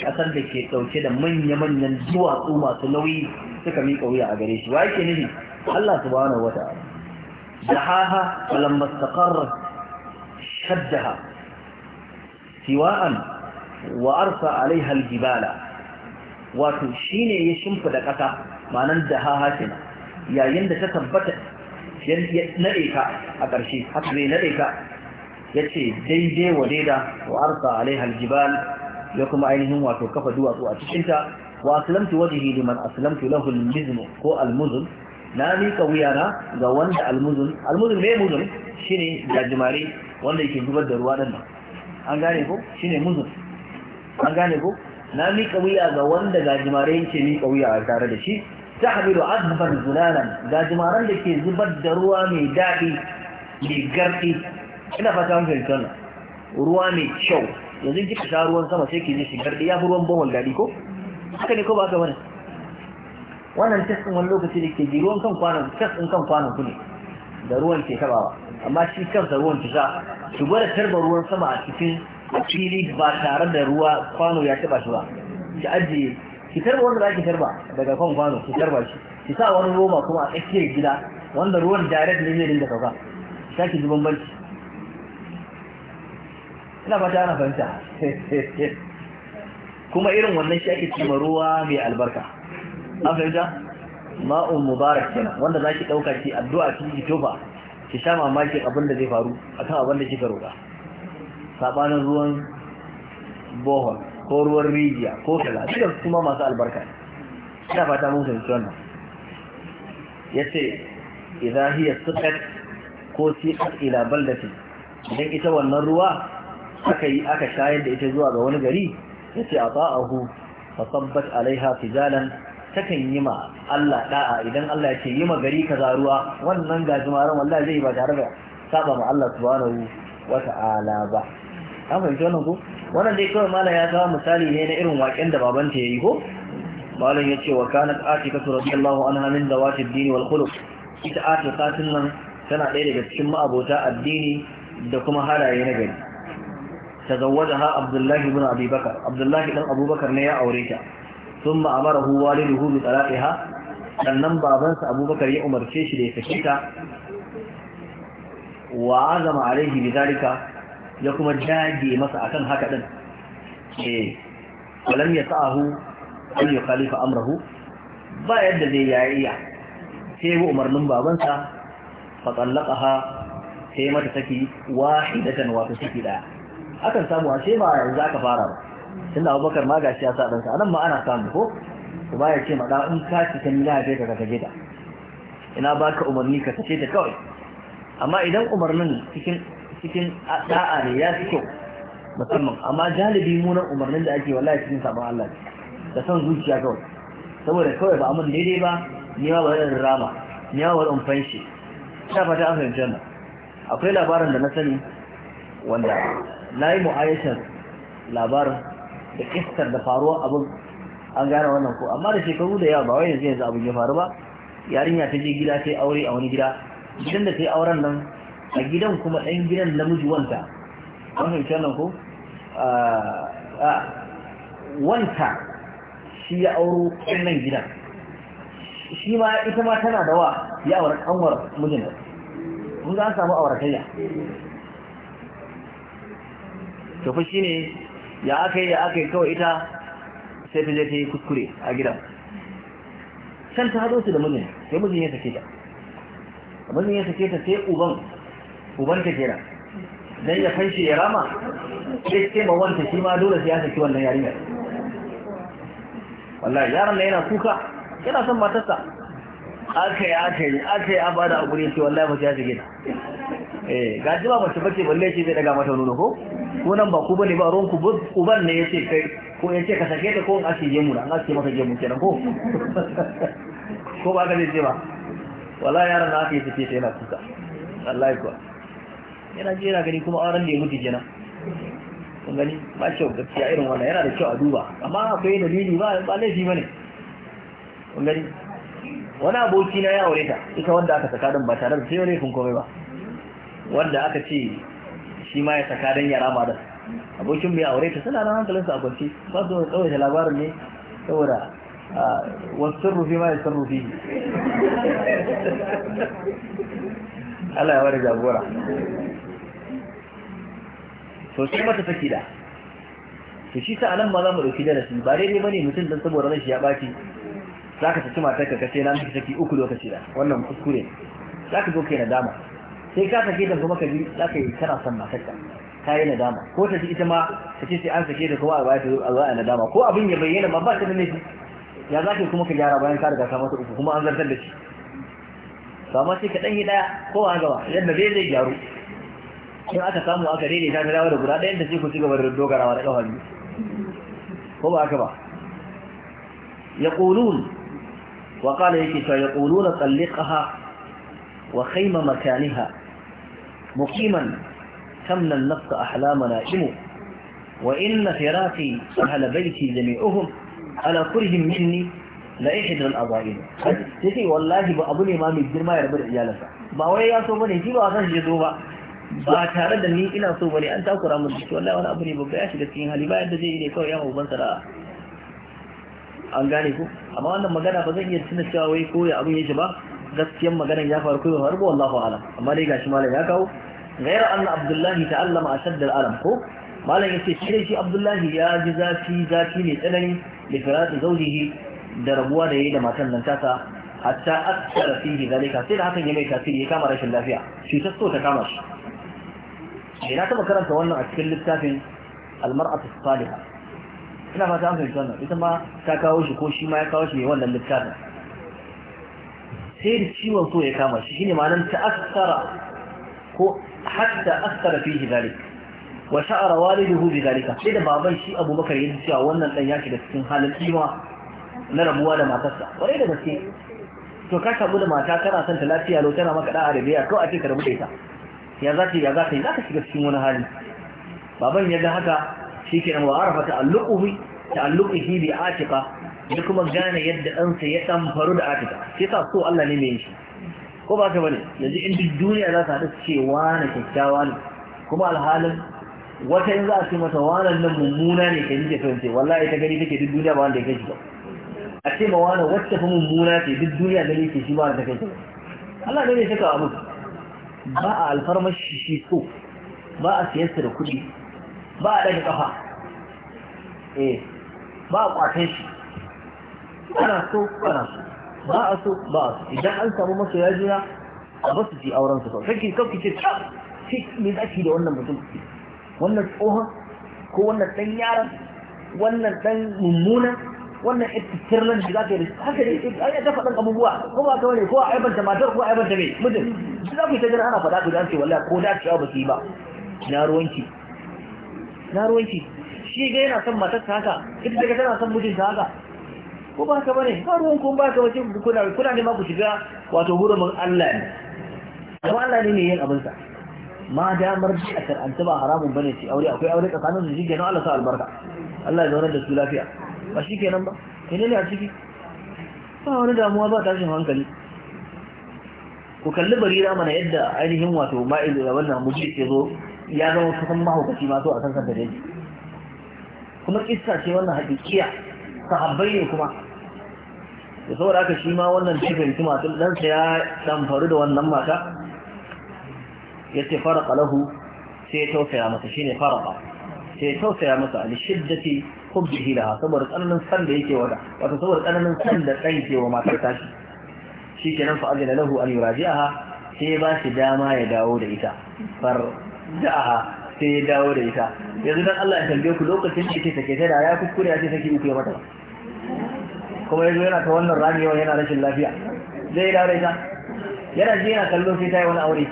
kasar da ke dauke da manya-manyan duwatsu masu nauyi suka miƙa wuya a gare shi wa yake nufi Allah subhanahu wata'ala dahaha falamma istaqarra shaddaha siwa'an wa arsa alaiha aljibala wato shine ya shimfida kasa ma'anan dahaha kenan yayin da ta tabbata ya nade ka a ƙarshe haka zai nade ka yace daidai wa daida wa arsa alaiha ya kuma ainihin wato kafa duwatsu a cikinta wa aslamtu wajhi liman aslamtu lahu al muzn ko al-muzn na mika wuyana ga wanda al-muzn al-muzn me muzn shine gajimare wanda yake zubar da ruwa dinnan an gane ko shine muzn an gane ko na mika wuya ga wanda gajimare yake ni wuya a tare da shi tahmilu azban zulalan gajimaran da ke zubar da ruwa mai daɗi mai garɗi ina fata an fahimta ruwa mai kyau yanzu kika sha ruwan sama sai ke je shigar da ya fi ruwan bawal daɗi ko haka ne ko ba ka bane wannan test wani lokaci da ke ji ruwan kan kwanan test kan kwanan ku ne da ruwan ke tabawa amma shi da ruwan ki sha ki gwada tarba ruwan sama a cikin fili ba tare da ruwa kwano ya taba shi ba ki ajiye ki tarba wanda za ki tarba daga kan kwano ki tarba shi ki sa wani roma kuma a tsakiyar gida wanda ruwan direct ne zai dinga sauka ki sake ji bambanci ina fata ana fahimta kuma irin wannan shi ake cewa ruwa mai albarka an fahimta ma'un mubarak wanda za ki ɗauka ki addu'a ki yi ki sha mamaki abin da zai faru akan abin da kika roƙa sabanin ruwan bohol ko ruwan rijiya ko kala duka kuma masu albarka ina fata mun fahimci wannan yace idan hiya sukat ko siqat ila baldatin idan ita wannan ruwa aka yi aka shayar da ita zuwa ga wani gari yace ba'ahu, fa sabbat alaiha fijalan takan yi ma Allah da'a idan Allah ya ce yi ma gari kaza ruwa wannan gajimaran wallahi zai ba tare da saba ma Allah subhanahu wa ta'ala ba an fahimci wannan ko wannan dai kawai malam ya kawo misali ne na irin waƙen da babanta yayi ko malam ya ce wa kanat atika radiyallahu anha min dawati ad-din wal khuluq ita atika tun nan tana ɗaya daga cikin ma'abota addini da kuma halaye na gari تزوجها عبد الله بن Abubakar بكر عبد الله بن أبو بكر نيا أوريتا ثم أمره والده بطلاقها sannan babansa abubakar ya umarce shi da ya sake ta wa azama alaihi bizalika ya kuma dage masa akan haka din eh walam yasa'ahu an yukhalifa amrahu ba yadda zai iya. sai bu umarnin babansa fa tallaqaha sai mata saki wahidatan wa ta saki da akan samu ashe ba yanzu aka fara ba tunda abubakar ma gashi ya sa ɗansa anan ma ana samu ko ba ya ce maɗa in ka ci ta nila ya ka ka gida ina baka umarni ka kace ta kawai amma idan umarnin cikin cikin da'a ne ya fi kyau musamman amma jalibi munan umarnin da ake wallahi cikin sabon Allah da son zuciya kawai saboda kawai ba amin daidai ba ni ma ba zan rama ni ma ba zan fanshi Ta fata an fahimci wannan akwai labarin da na sani wanda na yi mu'ayyashar labarin da kistar da faruwa abin an gane wannan ko amma da shekaru da yawa ba wai yanzu yanzu abin ya faru ba yarinya ta je gida sai aure a wani gida gidan da ta yi auren nan a gidan kuma ɗan gidan namiji wanta an fahimci wannan ko ah, ah, wanta shi ya auro wannan gidan shi ma ita ma tana da wa ya auren kanwar mijin mun za samu auratayya to fa shine ya aka yi ya aka yi kawai ita sai ta je ta yi kuskure a gidan can ta hado su da mijin sai mijin ya sake ta mijin ya sake ta sai uban uban ta kenan dan ya fanshi ya rama sai ce ba wanta shi ma dole sai ya saki wannan yarinyar wallahi yaron na yana kuka yana son matarsa aka yi aka yi aka yi a bada a gure ce wallahi mace ya shige ta eh gaji ba mace bace balle ce zai daga mata nuna ko ko nan ba ku bane ba ruwan ku uban ne yace kai ko yace ka sake ta ko an ake gemu an ake maka gemu kenan ko ko ba ka ce ba wallahi yaran na ake tace ta yana kuka wallahi ko yana jira gani kuma auren da ya mutu kenan kun gani ba kyau gaskiya irin wannan yana da kyau a duba amma akwai dalili ba ba laifi bane kun gani wani aboki na ya aure ta ita wanda aka saka din ba tare da sai wani kun komai ba wanda aka ce shi ma ya saka don ya rama da abokin bai aure ta suna nan hankalinsu a kwanci ba su da da labarin ne saboda wasu sun rufi ma ya rufi Allah ya wani jagora So sai mata take da to shi sa anan ma za mu dauki darasi ba daidai bane mutum dan saboda rashi ya baki zaka tafi matar ka kace na miki take uku lokaci da wannan kuskure zaka zo kai dama. sai ka sake ta kuma ka ji za ka yi kana son matarka ta yi nadama ko ta ji ita ma ta ce sai an sake ta kuma a baya ta zo a a nadama ko abin ya bayyana ma ba ta da laifi ya za ka kuma ka gyara bayan ka riga ka mata uku kuma an zartar da shi to amma sai ka dan yi daya ko a gaba yadda zai zai gyaru in aka samu aka daidaita ta dawo da guda ɗayan da sai ku ci gaba da dogarawa da kafa biyu ko ba haka ba yaqulun wa qala yake cewa yaquluna talliqaha wa khayma makaniha مقيما تمنى النفس أحلام na وإن فراسي أهل بيتي جميعهم على كرهم مني لإحدى الأضائم تسي والله بأبو الإمام الجرمى يربر إجالسة باوي يا صوبني جيبا أخش جذوبا ba tare da ni ina so bane an takura mun shi wallahi wani ne babba ya shiga cikin hali bayan da zai ne kawai ya uban sara an gane ku amma wannan magana ba zan iya tuna cewa wai ko ya abun yake ba gaskiyar maganar ya faru kuma faru wallahu ala amma dai gashi malam ya kawo gaira anna abdullahi ta'allama ashaddal alam ko malam yace shi shi abdullahi ya ji zafi zafi ne tsanani da firatu zaujihi da rabuwa da yayi da matan nan tasa hatta akthara fihi zalika sai da hakan ya mai tasiri ya kama rashin lafiya ta so ta kama shi eh, na taba karanta wannan a cikin littafin al-mar'atu salihah ina fata an fahimci wannan ita ma ta kawo shi ko shi ma ya kawo shi ne wannan littafin sai da ciwon so ya kama shi shine ma'anar ta'assara ko hatta asara fihi zalik wa sha'ara walidahu bi zalika sai da baban shi Abubakar ya ji cewa wannan dan ya shiga cikin halin kima na rabuwa da matarsa kwarai da gaske to ka kabu da mata kana son ta lafiya lau tana maka da arabiya kawai a ce ka rabu ita ya za ta ya za ta yi ta shiga cikin wani hali baban ya ga haka shi ke nan wa arafa ta'alluquhi ta'alluqihi bi atiqa ya kuma gane yadda ɗansa ya ɗan faru da atika sai sa so Allah ne mai shi ko ba ka bane yanzu in duk duniya za ta haɗu ce wani kyakkyawa ne kuma alhalin wata in za a ce mata wanan nan mummuna ne ka nike fahimce wallahi ta gani take duk duniya ba wanda ya kai ba a ce ma wani wacce fa mummuna ce duk duniya gani ke shi ba wanda ta kai Allah ne mai saka abu ba a alfarmar shi shi so ba a siyarsa da kuɗi ba a ɗaga ƙafa eh ba a kwatan shi ana so ana so ba a so ba a so idan an samu masa ya jira a ba su ji auren su kawai sai kawai ce ta ce me za ki da wannan mutum wannan tsohon ko wannan dan yaron wannan dan mummuna wannan ittirlan da za ka yi haka dai ai da faɗan abubuwa ko ba ka wani ko a ban matar ko a da mai mutum shi za ku yi ta jira ana faɗa ku da ce wallahi ko da ciwa ba su yi ba na ruwanki na ruwanki shi ga yana son matarsa haka ita daga tana son mutum ta haka ko ba ka bane ba ruwan kun ba ka wace kuna kuna ne ma ku shiga wato hurumin Allah ne kuma Allah ne ne yin abin sa ma damar ji a karanta ba haramun bane ce aure akwai aure tsakanin su na Allah sa albarka Allah ya zauna da su lafiya ba nan ba kene ne a ciki ba wani damuwa ba tashin hankali ku kalli barira mana yadda ainihin wato ma'il da wannan muji ya zo ya zama kusan mahaukaci ma so a san san da kuma kissa ce wannan hakikiya sahabbai ne kuma da saboda haka shi ma wannan cikin kuma tun ɗansa ya faru da wannan mata ya ce faraka lahu sai ya tausaya masa shi ne faraka sai ya tausaya masa a shiddati hubbihi da saboda tsananin san da yake wada wata saboda tsananin san da tsayi ke wa matar tashi shi ke nan fa'ajina lahu an yuraji'aha sai ba shi dama ya dawo da ita farja'aha sai ya dawo da ita yanzu dan Allah ya tambaye ku lokacin da yake sake ta da ya kuskure ya ce saki uku ya mata kuma yanzu yana ta wannan rami ramewa yana rashin lafiya zai yi aure ta yana ji yana kallo sai ta yi wani aure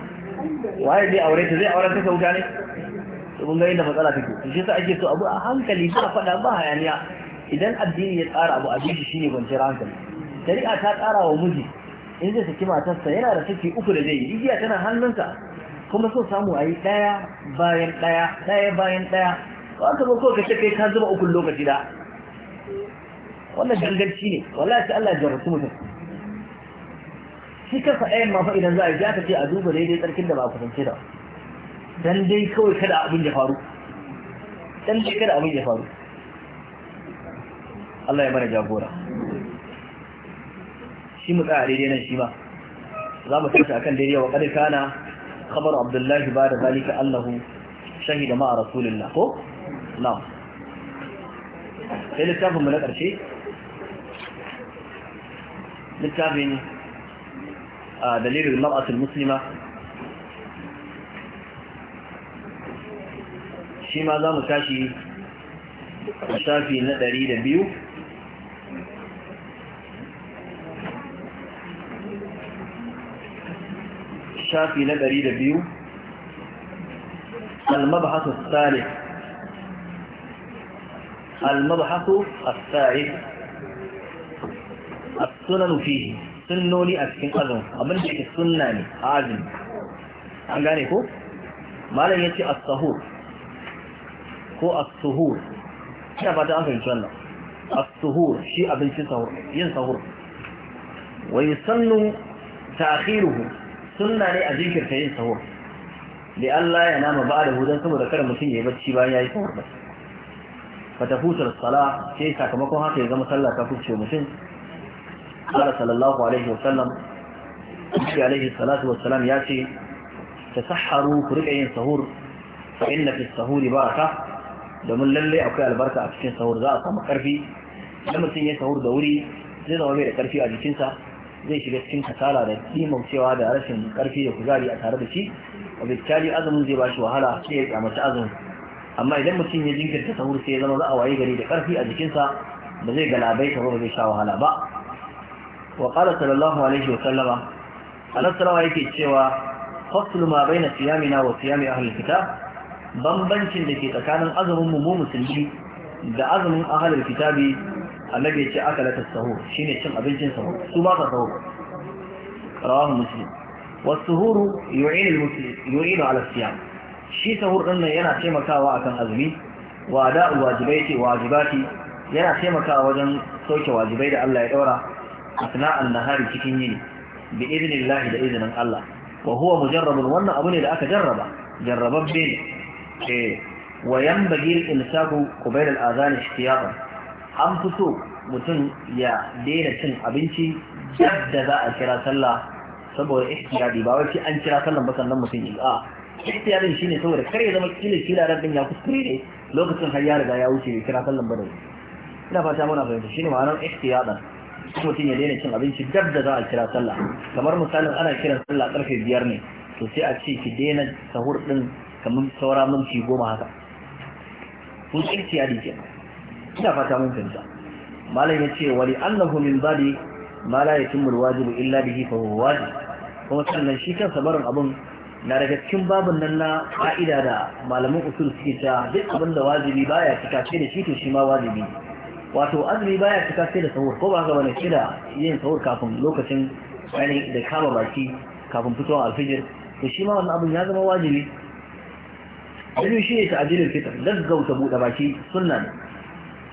waye zai aure ta zai aure ta sauka ne to mun ga inda matsala take to shi sa ake so abu a hankali ba faɗa ba hayaniya idan addini ya tsara abu abin shi ne kwanciyar hankali shari'a ta tsara wa miji in zai saki matarsa yana da saki uku da zai yi igiya tana hannunsa kuma so samu a yi ɗaya bayan ɗaya ɗaya bayan ɗaya ba ka ba ko ka ce kai ka zuba uku lokaci da wannan danganci ne wallahi sai Allah ya jarrabu mutum shi kansa ɗayan ma fa idan za a yi aka ce a duba daidai tsarkin da ba a kusance da dan dai kawai kada abin ya faru dan dai kada abin ya faru Allah ya mana jagora shi mu tsaya daidai nan shi ba za mu tashi akan daidai wa kada kana khabar abdullahi ba da zalika annahu shahida ma rasulillah ko na'am sai littafin mu na ƙarshe للتابعين آه، دليل المرأة المسلمة شيما ذا مكاشي مكاشي دليل بيو شافي نبري لبيو المبحث الثالث المبحث الثالث as-sunan fihi sunnoni a cikin azumi abin da yake sunna ne a azumi an gane ko malam yace as-sahur ko as-suhur ina fata an fahimci wannan as-suhur shi abincin sahur yin sahur wa yusannu ta'khiruhu sunna ne a jinkirta yin sahur da Allah ya nama ba da hudan saboda kada mutum ya yi bacci bayan ya yi sahur ba fata hutar sala sai sakamakon haka ya zama sallah ta kuce mutum قال صلى الله عليه وسلم عليه الصلاة والسلام ياتي تسحروا كرقعين سهور فإن lalle akwai albarka a cikin sahur za a samu karfi idan mutum ya sahur da wuri zai zama bai da karfi a jikinsa zai shiga cikin kasala da kimaucewa da rashin karfi da kuzari a tare da shi a bittali azumin zai ba shi wahala sai ya kyamaci azumin amma idan mutum ya jinkirta sahur sai ya zama za a waye gari da karfi a jikinsa ba zai galabaita ba ba zai sha wahala ba wa qala sallallahu alaihi wa sallama Allah sallama yake cewa faslu ma baina siyamina wa siyami ahli kitab bambancin da ke tsakanin azumin mu mu musulmi da azumin ahli kitabi annabi ya ce akalatus sahur shine cin abincin sahur su rawahu والسهور يعين يعين على الصيام شي سهور nan yana taimakawa akan azumi wa da wajibaiti wajibati yana taimakawa wajen sauke wajibai da Allah ya daura أثناء النهار تكينيني بإذن الله بإذن الله وهو مجرب وانا أبني لأك جرب جرب بين إيه. وينبغي الإمساك قبيل الآذان احتياطا أم فسوق mutum ya daina cin abinci da za a kira sallah saboda ihtiyadi ba wai an kira sallan ba sannan mutum yi a ihtiyadin shine saboda kar ya zama kila kila ran din ya kuskure ne lokacin har ya riga ya wuce kira sallan ba ina fata muna fahimta shine ma'anar ihtiyadan mutum ya daina cin abinci dab da za a kira sallah kamar misalin ana kiran sallah karfe biyar ne to sai a ce ki daina sahur din kamar saura minti goma haka kun sai ki yadi ina fata mun fahimta malam ya ce wali annahu min badi ma la yatimmu alwajibu illa bihi fa huwa wajib kuma sannan shi kan barin abun na daga cikin babin nan na ka'ida da malaman usul suke ta duk abin da wajibi baya cika ce da shi to shi ma wajibi ne wato azumi baya cika sai da sahur ko ba haka bane sai da yin sahur kafin lokacin yani da kama baki kafin fitowar alfijir to shi ma wannan abin ya zama wajibi abin shi ne ta'jilul fitr gaggauta bude baki sunna ne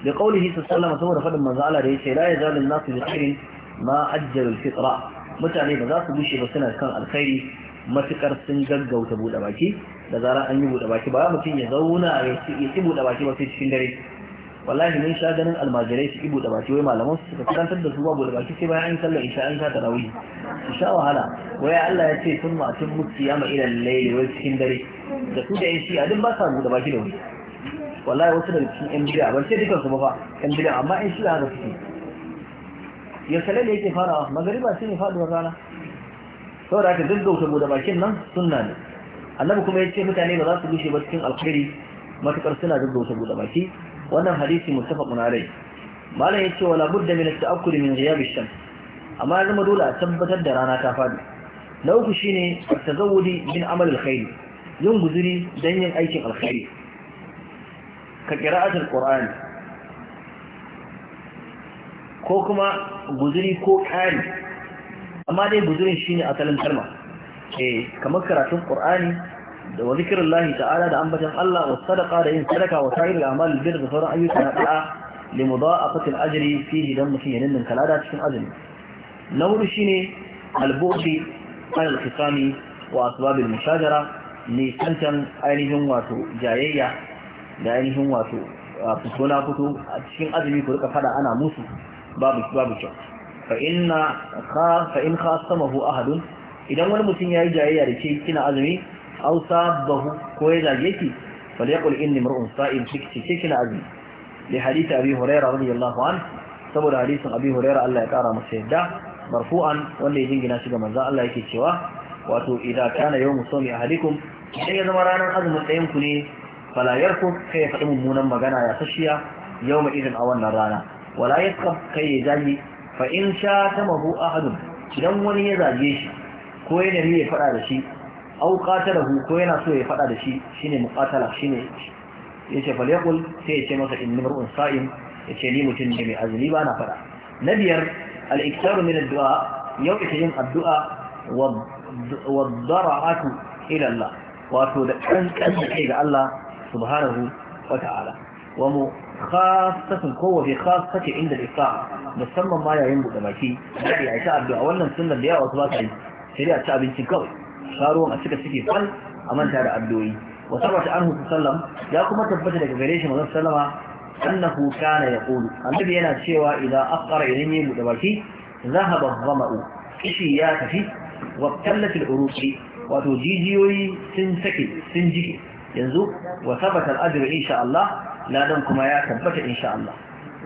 da qaulihi sallallahu alaihi saboda fadin manzo Allah da yace la yazalu an-nasu bi khairin ma ajjalul fitra mutane ba za su bushe ba suna kan alkhairi matukar sun gaggauta bude baki da zarar an yi bude baki ba mutum ya zauna ya ci bude baki ba sai cikin dare wallahi mun sha ganin almajirai su ibu da baki wai malaman su suka karantar da su babu da baki sai bayan an sallar isha an sha tarawih su sha wahala waya Allah ya ce sun ma'atun mutu ya ma'ila laili wai cikin dare da su da yan shi a duk ba sa da baki da wuri wallahi wasu daga cikin yan bid'a ban ce dukan su ba fa yan bid'a amma yan shi haka suke ya sale da yake farawa magariba sai ne faduwar rana saboda haka gaggauta bude bakin nan sunna ne annabi kuma ya ce mutane ba za su gushe ba cikin alkhairi matukar suna gaggauta bude baki wannan hadisi mutafaqun alai malam yace wala budda min ta'akkul min ghiyab ash-shams amma zama dole a tabbatar da rana ta fadi na uku shine tazawudi min amal al-khair yin guzuri dan yin aikin alkhairi ka qira'atul qur'an ko kuma guzuri ko kari amma dai guzurin shine asalin kalma eh kamar karatun qur'ani da wa zikrullahi ta'ala da ambatan Allah wa sadaqa da yin sadaka wa sa'ir al-amal bil da sauran ayyuka na da'a li mudha'afati al-ajri fihi dan mutum ya nan kalada cikin azumi na hudu shine al-bu'di an al-khisami wa asbab al-mushajara tantan ainihin wato jayayya da ainihin wato fito na fito a cikin azumi ku rika fada ana musu babu babu kyau fa inna kha fa in khasamahu ahadun idan wani mutum yayi jayayya da ke kina azumi aw sabahu ko ya zage ki falyaqul inni mar'un sa'im kike kike na azumi li hadith abi hurairah radiyallahu an saboda hadisin abi hurairah Allah ya kara masa yadda marfu'an wanda ya jingina shi ga maza, Allah yake cewa wato idza kana yawmu sawmi ahadikum idan ya zama ranar azumin ɗayan ku ne fala yarku kai ya faɗi mummunan magana ya sashiya yawma idan a wannan rana wala kai ya zagi fa in sha tamahu ahadun idan wani ya zage shi ko ya ya faɗa da shi au qatalahu ko yana so ya fada da shi shine muqatala shine yace fal yaqul sai yace masa inni mar'un sa'im yace ni mutum ne mai azumi ba na fada na biyar al iktaru min addu'a yau ita yin addu'a wa dhara'atu ila Allah wato da kankan kai ga Allah subhanahu wa ta'ala wa mu khassatul kowa bi khassati inda al musamman ma yayin buɗe maki da ya ta addu'a wannan sunnar da yawa wasu ba ta yi sai dai a ci abincin kawai sharuwan a cika suke fal a manta da addu'o'i wa sabata anhu sallam ya kuma tabbata daga gare shi manzon sallama annahu kana yaqulu annabi yana cewa idan afqara idan mu buɗe baki zahaba dhama'u kishi ya tafi wa qallat al-uruqi wato jijiyoyi sun sake sun jike yanzu wa sabata al-ajr insha Allah ladan kuma ya tabbata insha Allah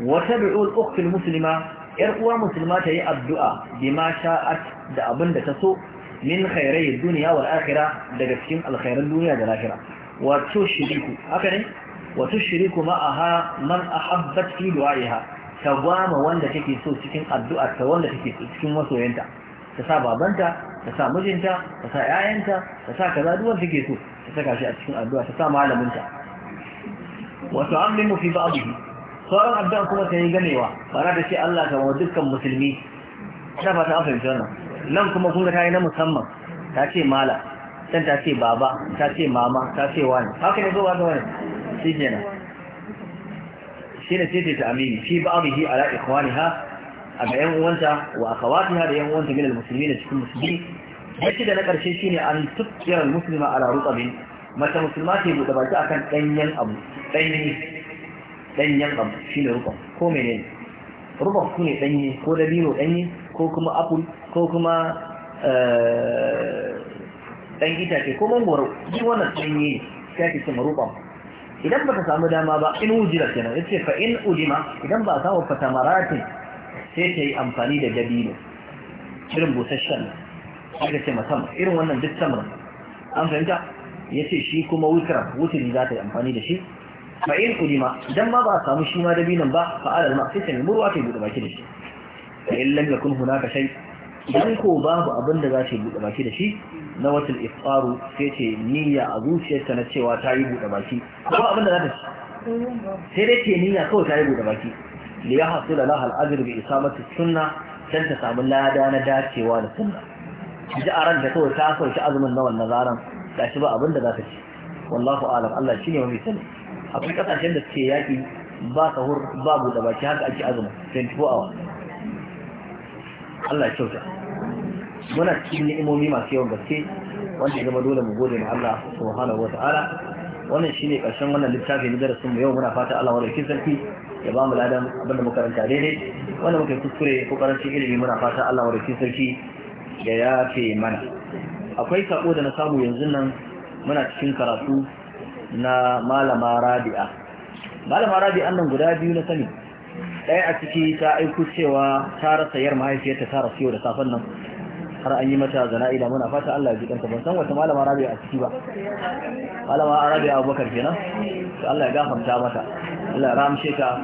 wa tabi'u al-ukht al-muslima yar uwa musulma ta yi addu'a bima sha'at da abin da ta so min khairai duniya wal akhirah daga cikin alkhairan duniya da lahira wa tushriku haka ne wa tushriku ma'aha man ahabbat fi du'aiha ta gwama wanda take so cikin addu'a ta wanda take so cikin masoyanta ta sa babanta ta sa mijinta ta sa ƴaƴanta ta sa kaza take so ta saka shi a cikin addu'a ta sa malaminta wa tu'ammimu fi ba'dihi sauran addu'a kuma ta yi ganewa ba za ta ce Allah ka dukkan musulmi ta fata an fahimci wannan nan kuma kun ga ta yi na musamman ta ce mala can ta ce baba ta ce mama ta ce wani haka ne zo ba ga wani shi kenan shi ne sai ta amini shi ba abu abihi ala ikhwaniha a ga yan uwanta wa aka ha da yan uwanta musulmi na cikin musulmi yace da na karshe shine an tukkira almuslima ala rutabin mace musulma ce buɗe baki akan danyen abu danye danyen abu shi ne rukun ko menene rukun ku ne danye ko dabino danye ko kuma apple ko kuma eh, ɗan itace ko mangoro ji wannan ɗanye ya ce cin ruɓan idan ba ta samu dama ba in wujira kenan ya ce fa in ujima idan ba a samu fatamaratin sai ta yi amfani da dabino irin busasshen ka ce masamman irin wannan duk samar an fahimta ya ce shi kuma wutara wutari za ta yi amfani da shi fa in ulima idan ma ba a samu shi ma dabinan ba fa alal ma sai ta nemi ruwa ta yi buɗe baki da shi fa in lam yakun hunaka shay idan ko babu abin da za ta buɗe baki da shi na watan iftaru sai ce niyya a zuciyarta na cewa ta yi buɗe baki ko abin da za ta ci sai dai ce niyya kawai ta yi buɗe baki li ya hasu da lahal azir bi isamatu sunna dan ta samu lada na dacewa da sunna ji a ran da kawai ta sauki azumin na wannan ranar shi ba abin da za ta ci wallahu alam Allah shi ne shine mai sani akwai kasashen da suke yaƙi ba sahur ba buɗe baki haka ake azumin 24 hours Allah ya kyauta muna cikin ni'imomi masu yawan gaske wanda ya zama dole mu gode ma Allah subhanahu ta'ala. wannan shine karshen wannan littafi na darasin mu yau muna fata Allah wanda yake sarki ya ba mu ladan abin da muka karanta daidai wanda muka kuskure ko karancin ilimi muna fata Allah wanda yake sarki ya yafe mana akwai sako da na samu yanzu nan muna cikin karatu na malama rabi'a malama nan guda biyu na sani ɗaya a ciki ta aiku cewa ta rasa yar mahaifiyarta ta rasu yau da safen nan har an yi mata zana'ida muna fata Allah ya ji kanta ban san wata malama rabi a ciki ba malama a Abubakar kenan to Allah ya gafarta mata Allah ya ramshe ta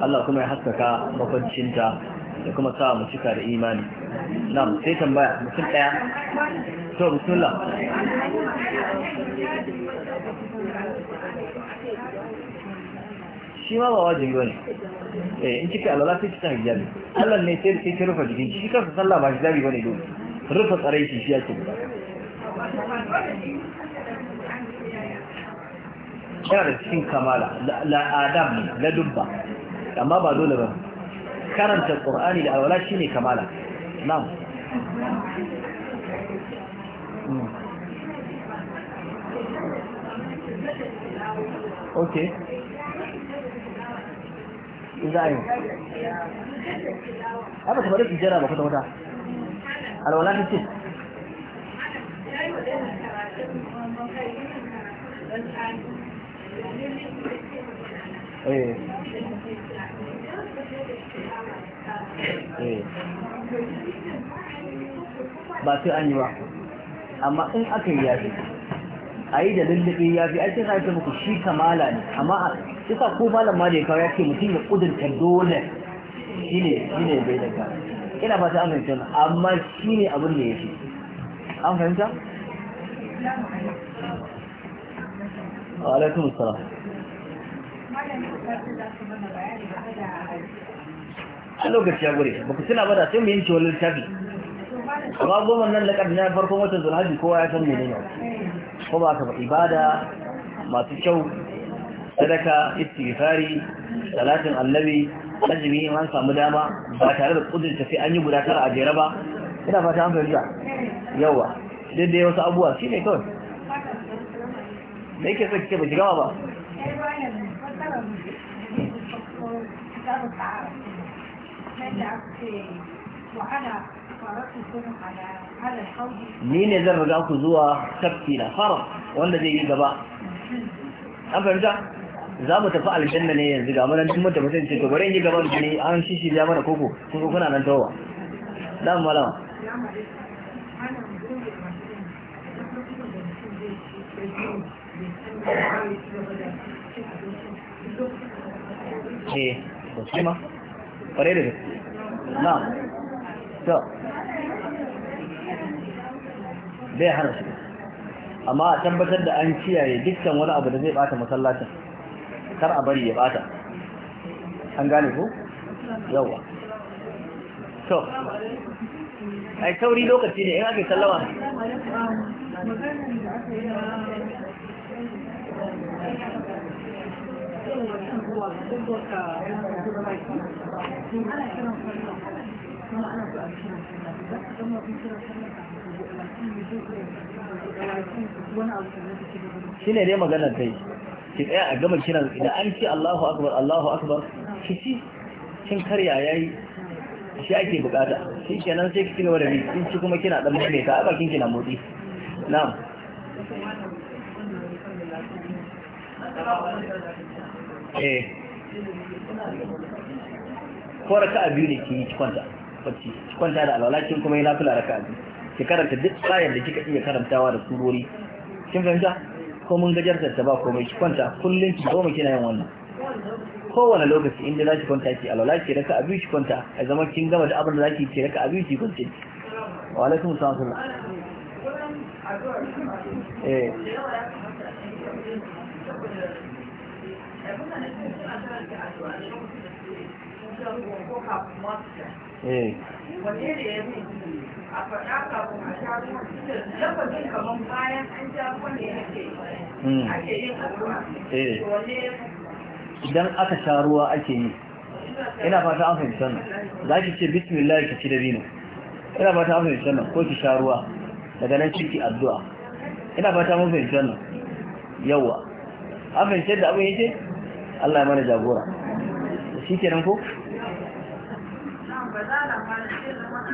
Allah kuma ya haskaka makwancinta da kuma sa mu cika da imani na'am sai tambaya mutum daya to bismillah shi ma ba wajibi bane eh in kika alwala sai kika hijabi Allah ne sai sai rufe jikin shi kansa sallah ba hijabi bane dole rufe tsare shi shi yake ba yana da cikin kamala la adab ne la dubba amma ba dole ba karanta qur'ani da alwala shine kamala na'am hmm. okay in za a yi haka kamar yadda jira ba kwata kwata alwala ta ce eh. Eh. ba sai an yi ba amma in aka yi yafi a yi da lullube yafi ai sai sa ta muku shi kamala ne amma yasa ko malam ma da ya kawo ya ce mutum ya kudurta dole shine shine bai daga ina ba ta amince amma shine abin da ya fi an fahimta wa alaikum assalam a lokaci ya gure ba ku tuna ba da sai mu yanke wani littafi amma goma nan laƙar na farkon watan zulhaji kowa ya san menene ko ba ka ibada masu kyau sadaka istighfari salatin annabi azumi an samu dama ba tare da kudin tafi an yi guda tara a jere ba ina fata an fahimta yawa daidai wasu abubuwa shi ne kawai da yake sake ba gama ba ni ne zan riga ku zuwa tafki na fara wanda zai yi gaba an fahimta za mu tafi aljanna ne yanzu ga mana duk mutum sai ce to bari in yi gaban jini an shishi ya mana koko kun kuna nan tawa dan malama eh ko shi ma kware da na to bai hana shi amma a tabbatar da an kiyaye dukkan wani abu da zai bata masallacin kar a bari ya bata an gane ko yawa to ai tauri lokaci ne in aka sallama shi ne dai maganar ta yi ki tsaya a gama kiran idan an ce Allahu akbar Allahu akbar ki ci kin karya yayi shi ake bukata shi kenan sai ki ci gaba da bi kin ci kuma kina dan mai ta bakin kina motsi na'am eh ko raka biyu ne ki kwanta bacci ki kwanta da kin kuma yi lafula raka biyu ki karanta duk ayar da kika iya karantawa da surori kin fahimta ko mun gajartar ta ba komai ki kwanta kullum ki goma kina yin wannan kowane lokaci inda za ki kwanta ki alwala ki raka abu ki kwanta a zama kin gama da abin da za ki ki raka abu ki kwanta wa alaikum assalam eh eh a faɗa kafin a sha ruwa lafazin kamar bayan an sha ruwan ne ake hmm. ake yin addu'a eh. idan aka sha ruwa ake yi ina fata an fahimta nan, za ki ce bismillah ki ci da bino ina fata an fahimta nan ko ki sha ruwa daga nan ciki addu'a ina fata mun fahimta nan, yawa an fahimta da abin yake Allah ya mana jagora shi kenan ko? na ba za na fara